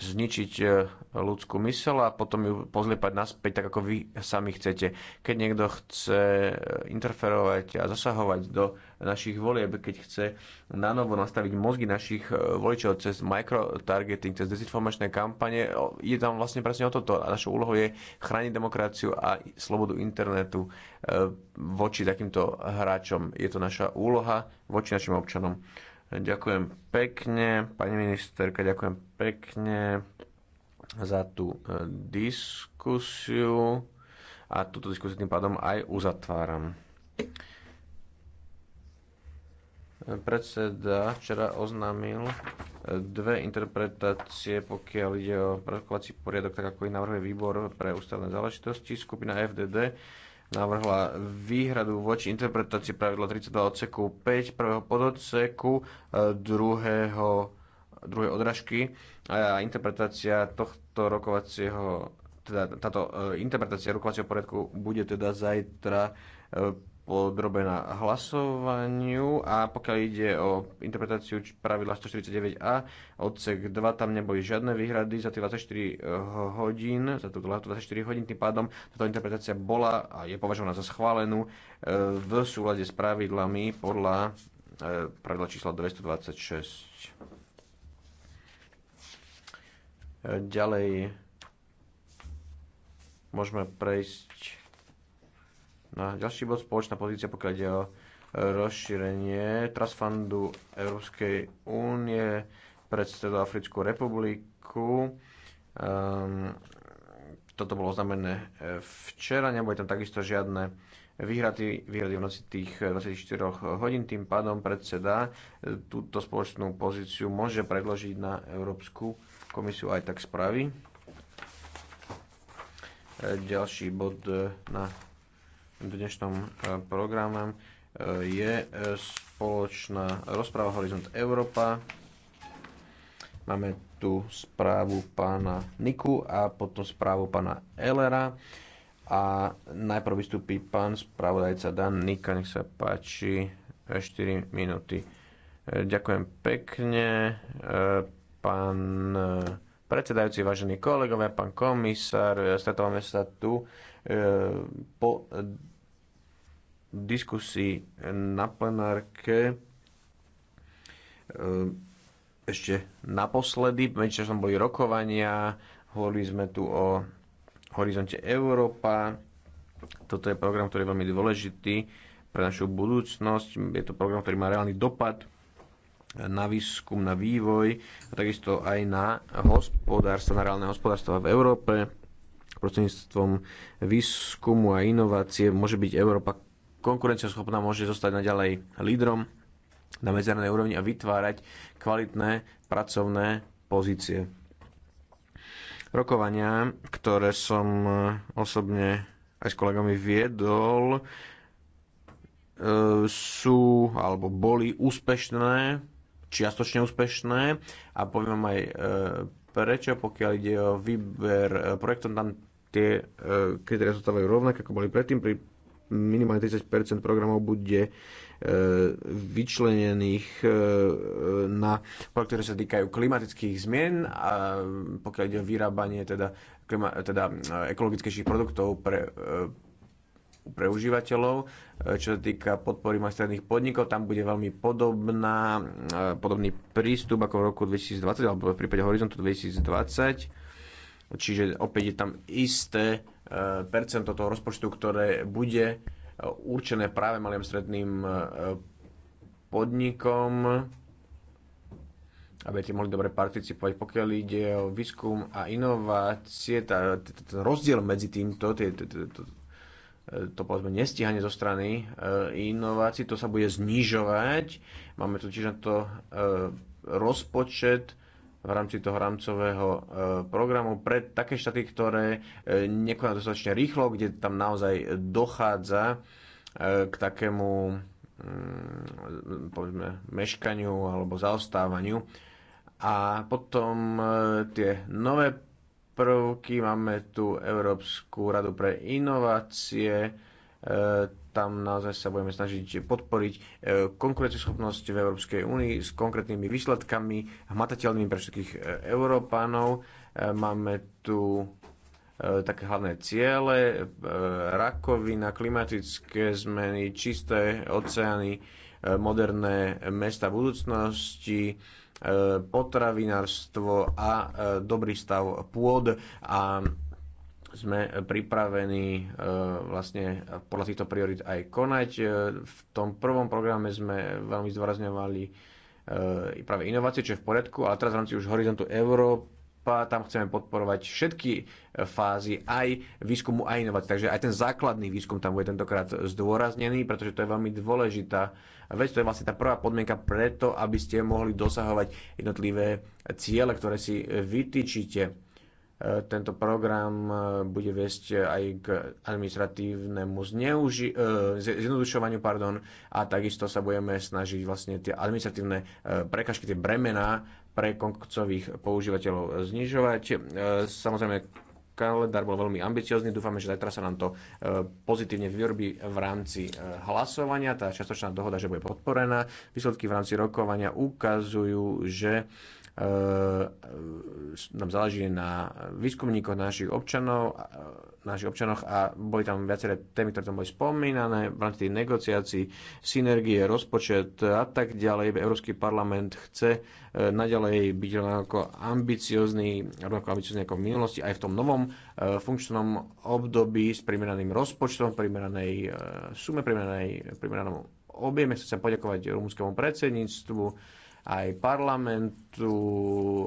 zničiť e, ľudskú mysel a potom ju pozliepať naspäť tak, ako vy sami chcete. Keď niekto chce e, interferovať a zasahovať do našich volieb, keď chce nanovo nastaviť mozgy našich e, voličov cez microtargeting, cez dezinformačné kampane, je tam vlastne presne o toto. A našou úlohou je chrániť demokraciu a slobodu internetu voči takýmto hráčom. Je to naša úloha voči našim občanom. Ďakujem pekne, pani ministerka, ďakujem pekne za tú e, diskusiu a túto diskusiu tým pádom aj uzatváram. Predseda včera oznámil e, dve interpretácie, pokiaľ ide o rokovací poriadok, tak ako ich navrhuje výbor pre ústavné záležitosti. Skupina FDD navrhla výhradu voči interpretácii pravidla 32 odseku 5 prvého pododseku e, druhého, druhej odražky a interpretácia tohto rokovacieho teda táto e, interpretácia rokovacieho poriadku bude teda zajtra e, podrobená hlasovaniu a pokiaľ ide o interpretáciu pravidla 149a, odsek 2, tam neboli žiadne výhrady za tých eh, 24 hodín, za tú 24 hodín, tým pádom táto interpretácia bola a je považovaná za schválenú eh, v súlade s pravidlami podľa eh, pravidla čísla 226. Ďalej môžeme prejsť na no ďalší bod spoločná pozícia, pokiaľ ide o e, rozšírenie Trasfandu Európskej únie pre Stredoafrickú republiku. Um, toto bolo oznamené e, včera, nebude tam takisto žiadne výhrady, výhrady v noci tých 24 e, hodín. Tým pádom predseda túto spoločnú pozíciu môže predložiť na Európsku komisiu aj tak spraví. Ďalší bod na dnešnom e, programe e, je e, spoločná rozpráva Horizont Európa. Máme tu správu pána Niku a potom správu pána Elera. A najprv vystúpi pán spravodajca Dan Nika, nech sa páči, 4 minúty. Ďakujem pekne, pán predsedajúci, vážení kolegovia, pán komisár, stretávame sa tu po diskusii na plenárke ehm, ešte naposledy, som boli rokovania, hovorili sme tu o horizonte Európa. Toto je program, ktorý je veľmi dôležitý pre našu budúcnosť. Je to program, ktorý má reálny dopad na výskum, na vývoj, a takisto aj na hospodárstvo, na reálne hospodárstvo v Európe. Prostredníctvom výskumu a inovácie môže byť Európa konkurencieschopná, môže zostať naďalej lídrom na medzernej úrovni a vytvárať kvalitné pracovné pozície. Rokovania, ktoré som eh, osobne aj s kolegami viedol, eh, sú alebo boli úspešné, čiastočne úspešné a poviem aj eh, prečo, pokiaľ ide o výber projektov, tam tie kritéria zostávajú rovnaké, ako boli predtým pri minimálne 30 programov bude e, vyčlenených e, na ktoré sa týkajú klimatických zmien a pokiaľ ide o vyrábanie teda, klima, teda e, ekologickejších produktov pre pre užívateľov. Čo sa týka podpory malých podnikov, tam bude veľmi podobná, podobný prístup ako v roku 2020 alebo v prípade Horizontu 2020. Čiže opäť je tam isté percento toho rozpočtu, ktoré bude e, určené práve malým stredným e, podnikom, aby tie mohli dobre participovať. Pokiaľ ide o výskum a inovácie, ten rozdiel medzi týmto, to, to povedzme nestíhanie zo strany e, inovácií, to sa bude znižovať. Máme tu tiež na to rozpočet v rámci toho rámcového e, programu pre také štáty, ktoré e, nekoná dostatočne rýchlo, kde tam naozaj dochádza e, k takému mm, povedzme, meškaniu alebo zaostávaniu. A potom tie nové prvky máme tu Európsku radu pre inovácie, E, tam naozaj sa budeme snažiť podporiť e, konkurencieschopnosť v Európskej únii s konkrétnymi výsledkami, hmatateľnými pre všetkých e, Európánov. Máme tu také hlavné ciele, rakovina, klimatické zmeny, čisté oceány, moderné mesta budúcnosti, potravinárstvo a dobrý stav pôd a sme pripravení e, vlastne podľa týchto priorit aj konať. E, v tom prvom programe sme veľmi zdôrazňovali e, práve inovácie, čo je v poriadku, ale teraz v rámci už Horizontu Európa tam chceme podporovať všetky fázy aj výskumu, a inovácií. Takže aj ten základný výskum tam bude tentokrát zdôraznený, pretože to je veľmi dôležitá vec. To je vlastne tá prvá podmienka preto, aby ste mohli dosahovať jednotlivé ciele, ktoré si vytýčite E, tento program e, bude viesť aj k administratívnemu zneuži- e, zjednodušovaniu pardon, a takisto sa budeme snažiť vlastne tie administratívne prekažky, tie bremená pre koncových používateľov znižovať. Samozrejme, kalendár bol veľmi ambiciozný. Dúfame, že zajtra sa nám to pozitívne vyrobí v rámci hlasovania. Tá častočná dohoda, že bude podporená. Výsledky v rámci rokovania ukazujú, že Ehm, nám záleží na výskumníkoch našich občanov, našich občanoch a boli tam viaceré témy, ktoré tam boli spomínané v rámci tých negociácií, synergie, rozpočet a tak ďalej. Európsky parlament chce e, naďalej byť rovnako ambiciozný, rovnako ambiciozný ako v minulosti, aj v tom novom e, funkčnom období s primeraným rozpočtom, primeranej e, sume, primeranej, primeranom objeme. Chcem sa poďakovať rumúnskému predsedníctvu, aj parlamentu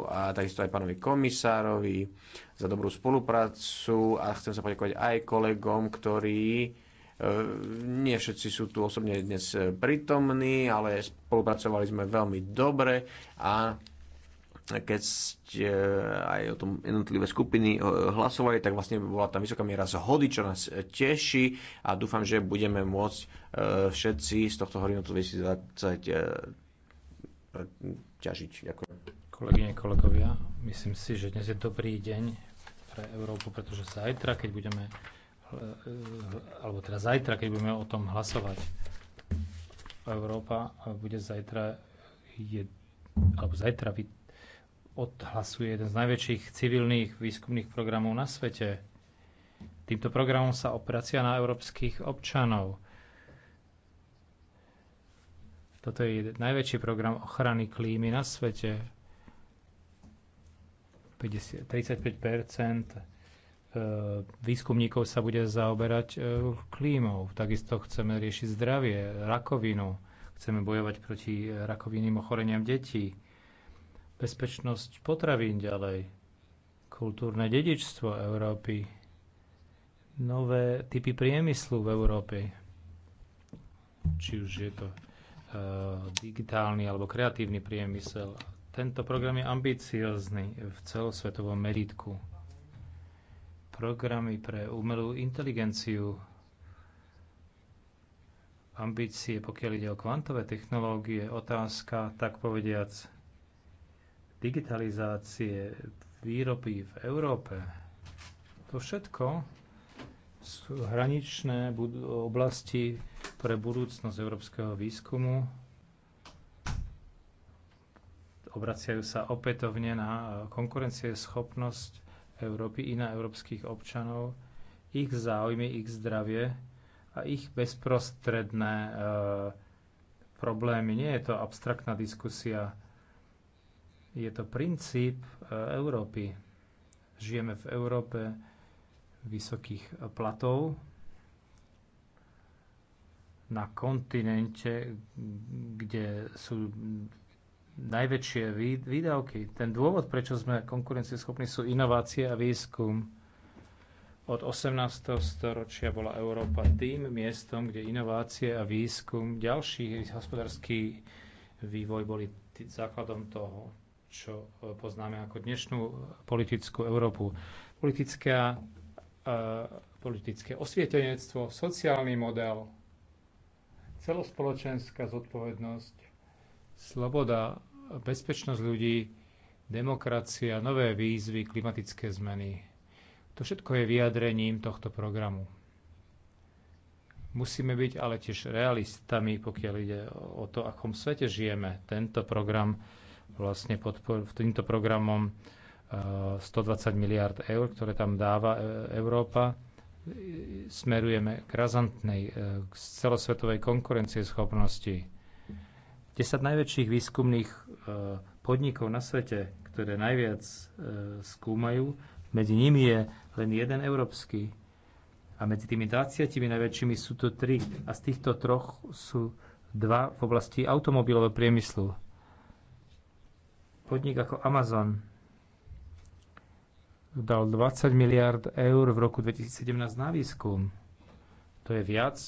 a takisto aj pánovi komisárovi za dobrú spoluprácu a chcem sa poďakovať aj kolegom, ktorí e, nie všetci sú tu osobne dnes prítomní, ale spolupracovali sme veľmi dobre a keď ste e, aj o tom jednotlivé skupiny e, hlasovali, tak vlastne bola tam vysoká miera zhody, čo nás teší a dúfam, že budeme môcť všetci z tohto horizontu 2020 ťažiť. Ďakujem. Kolegyne, kolegovia, myslím si, že dnes je dobrý deň pre Európu, pretože zajtra, keď budeme alebo teda zajtra, keď budeme o tom hlasovať, Európa bude zajtra je, alebo zajtra odhlasuje jeden z najväčších civilných výskumných programov na svete. Týmto programom sa opracia na európskych občanov. Toto je najväčší program ochrany klímy na svete. 50, 35 e, výskumníkov sa bude zaoberať e, klímou. Takisto chceme riešiť zdravie, rakovinu, chceme bojovať proti rakovinným ochoreniam detí, bezpečnosť potravín ďalej, kultúrne dedičstvo Európy, nové typy priemyslu v Európe. Či už je to Eh, digitálny alebo kreatívny priemysel. Tento program je ambiciózny v celosvetovom meritku. Programy pre umelú inteligenciu, ambície, pokiaľ ide o kvantové technológie, otázka, tak povediac, digitalizácie výroby v Európe. To všetko sú hraničné oblasti pre budúcnosť európskeho výskumu. Obraciajú sa opätovne na e, konkurencieschopnosť Európy i na európskych občanov, ich záujmy, ich zdravie a ich bezprostredné e, problémy. Nie je to abstraktná diskusia, je to princíp e, Európy. Žijeme v Európe vysokých platov, na kontinente, kde sú najväčšie výdavky. Ten dôvod, prečo sme konkurencieschopní, sú inovácie a výskum. Od 18. storočia bola Európa tým miestom, kde inovácie a výskum, ďalší hospodársky vývoj boli základom toho, čo e, poznáme ako dnešnú politickú Európu. Politická, e, politické osvietenectvo, sociálny model, celospoločenská zodpovednosť, sloboda, bezpečnosť ľudí, demokracia, nové výzvy, klimatické zmeny. To všetko je vyjadrením tohto programu. Musíme byť ale tiež realistami, pokiaľ ide o to, akom svete žijeme. Tento program vlastne podpor, týmto programom 120 eh, miliard eur, ktoré tam dáva eh, Európa, smerujeme k razantnej, e, k celosvetovej schopnosti. 10 najväčších výskumných e, podnikov na svete, ktoré najviac e, skúmajú, medzi nimi je len jeden európsky. A medzi tými 20 najväčšími sú to tri. A z týchto troch sú dva v oblasti automobilového priemyslu. Podnik ako Amazon, dal 20 miliard eur v roku 2017 na výskum. To je viac,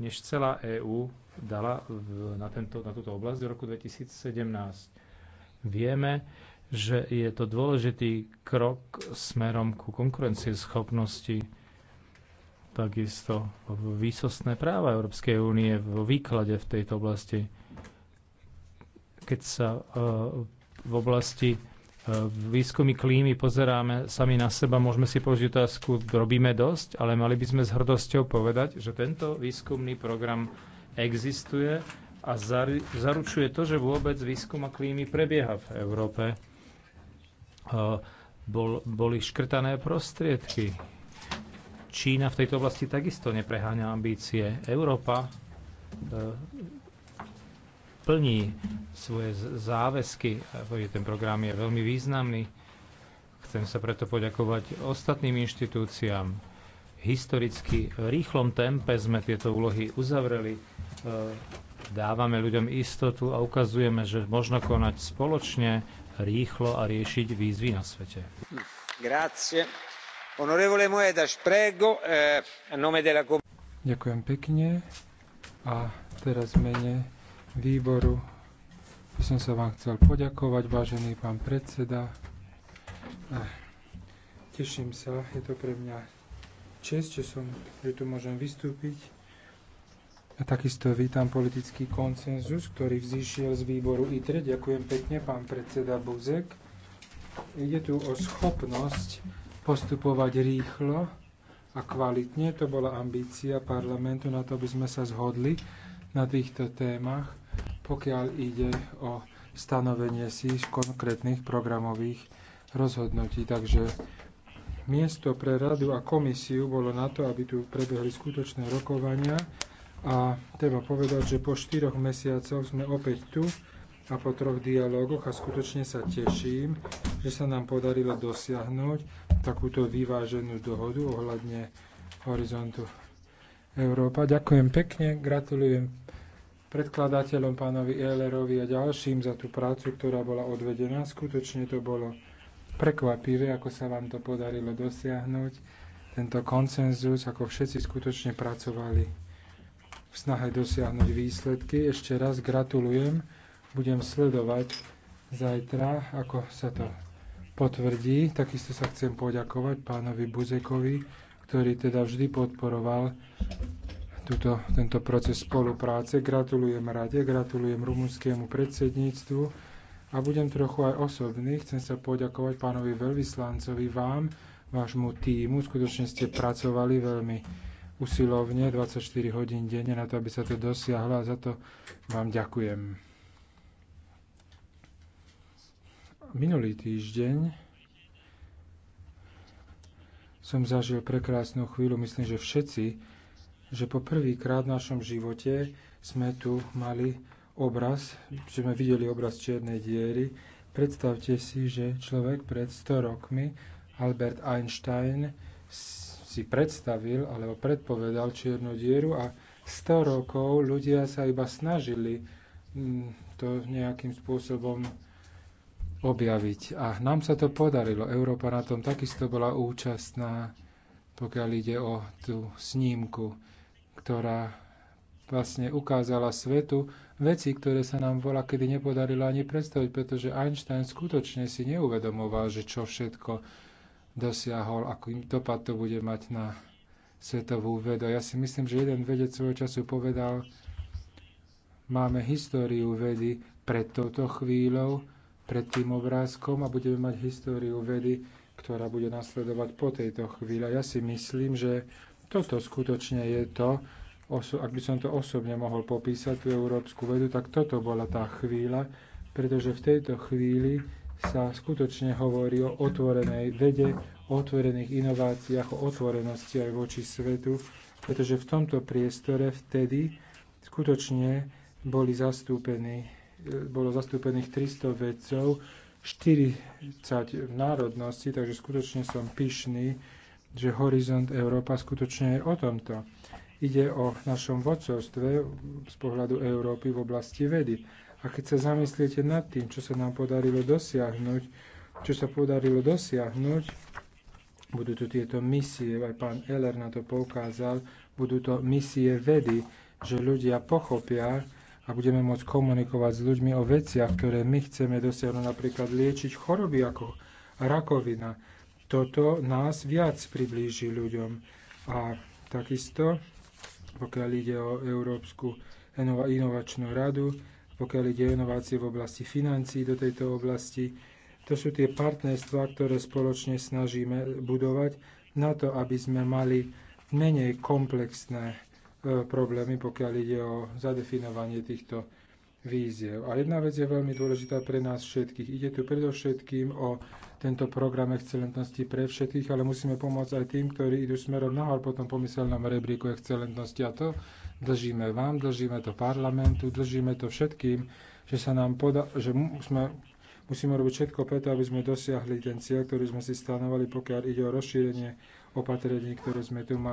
než celá EÚ dala v, na, tento, na túto oblasť v roku 2017. Vieme, že je to dôležitý krok smerom ku konkurencieschopnosti, takisto výsostné práva Európskej únie vo výklade v tejto oblasti. Keď sa uh, v oblasti výskumy klímy pozeráme sami na seba, môžeme si položiť otázku, robíme dosť, ale mali by sme s hrdosťou povedať, že tento výskumný program existuje a zaručuje to, že vôbec výskum a klímy prebieha v Európe. Bol, boli škrtané prostriedky. Čína v tejto oblasti takisto nepreháňa ambície. Európa e, plní svoje záväzky. Ten program je veľmi významný. Chcem sa preto poďakovať ostatným inštitúciám. Historicky v rýchlom tempe sme tieto úlohy uzavreli. E, dávame ľuďom istotu a ukazujeme, že možno konať spoločne, rýchlo a riešiť výzvy na svete. Grazie. Onorevole Moedas, prego, eh, nome della... Ďakujem pekne. A teraz mene výboru by som sa vám chcel poďakovať, vážený pán predseda. Teším sa, je to pre mňa čest, že, som, že tu môžem vystúpiť. A takisto vítam politický konsenzus, ktorý vzýšiel z výboru ITRE. Ďakujem pekne, pán predseda Buzek. Ide tu o schopnosť postupovať rýchlo a kvalitne. To bola ambícia parlamentu na to, aby sme sa zhodli na týchto témach, pokiaľ ide o stanovenie si konkrétnych programových rozhodnutí. Takže miesto pre radu a komisiu bolo na to, aby tu prebehli skutočné rokovania a treba povedať, že po štyroch mesiacoch sme opäť tu a po troch dialógoch a skutočne sa teším, že sa nám podarilo dosiahnuť takúto vyváženú dohodu ohľadne horizontu Európa. Ďakujem pekne, gratulujem predkladateľom pánovi Ehlerovi a ďalším za tú prácu, ktorá bola odvedená. Skutočne to bolo prekvapivé, ako sa vám to podarilo dosiahnuť. Tento konsenzus, ako všetci skutočne pracovali v snahe dosiahnuť výsledky. Ešte raz gratulujem. Budem sledovať zajtra, ako sa to potvrdí. Takisto sa chcem poďakovať pánovi Buzekovi, ktorý teda vždy podporoval túto, tento proces spolupráce. Gratulujem rade, gratulujem rumunskému predsedníctvu a budem trochu aj osobný. Chcem sa poďakovať pánovi veľvyslancovi vám, vášmu týmu. Skutočne ste pracovali veľmi usilovne, 24 hodín denne na to, aby sa to dosiahlo a za to vám ďakujem. Minulý týždeň som zažil prekrásnu chvíľu, myslím, že všetci, že po krát v našom živote sme tu mali obraz, že sme videli obraz čiernej diery. Predstavte si, že človek pred 100 rokmi, Albert Einstein, si predstavil alebo predpovedal čiernu dieru a 100 rokov ľudia sa iba snažili mm, to nejakým spôsobom objaviť. A nám sa to podarilo. Európa na tom takisto bola účastná, pokiaľ ide o tú snímku, ktorá vlastne ukázala svetu veci, ktoré sa nám bola kedy nepodarilo ani predstaviť, pretože Einstein skutočne si neuvedomoval, že čo všetko dosiahol, aký dopad to bude mať na svetovú vedu. Ja si myslím, že jeden vedec svojho času povedal, máme históriu vedy pred touto chvíľou, pred tým obrázkom a budeme mať históriu vedy, ktorá bude nasledovať po tejto chvíli. ja si myslím, že toto skutočne je to, ak by som to osobne mohol popísať, tú európsku vedu, tak toto bola tá chvíľa, pretože v tejto chvíli sa skutočne hovorí o otvorenej vede, o otvorených inováciách, o otvorenosti aj voči svetu, pretože v tomto priestore vtedy skutočne boli zastúpení bolo zastúpených 300 vedcov, 40 národností, takže skutočne som pyšný, že Horizont Európa skutočne je o tomto. Ide o našom vodcovstve z pohľadu Európy v oblasti vedy. A keď sa zamyslíte nad tým, čo sa nám podarilo dosiahnuť, čo sa podarilo dosiahnuť, budú tu tieto misie, aj pán Eller na to poukázal, budú to misie vedy, že ľudia pochopia, a budeme môcť komunikovať s ľuďmi o veciach, ktoré my chceme dosiahnuť, napríklad liečiť choroby ako rakovina. Toto nás viac priblíži ľuďom. A takisto, pokiaľ ide o Európsku inovačnú radu, pokiaľ ide o inovácie v oblasti financií do tejto oblasti, to sú tie partnerstva, ktoré spoločne snažíme budovať na to, aby sme mali menej komplexné E, problémy, pokiaľ ide o zadefinovanie týchto víziev. A jedna vec je veľmi dôležitá pre nás všetkých. Ide tu predovšetkým o tento program excelentnosti pre všetkých, ale musíme pomôcť aj tým, ktorí idú smerom nahor po tom pomyselnom rebríku excelentnosti. A to držíme vám, držíme to parlamentu, držíme to všetkým, že sa nám poda- že sme musíme robiť všetko preto, aby sme dosiahli ten cieľ, ktorý sme si stanovali, pokiaľ ide o rozšírenie opatrení, ktoré sme tu mali.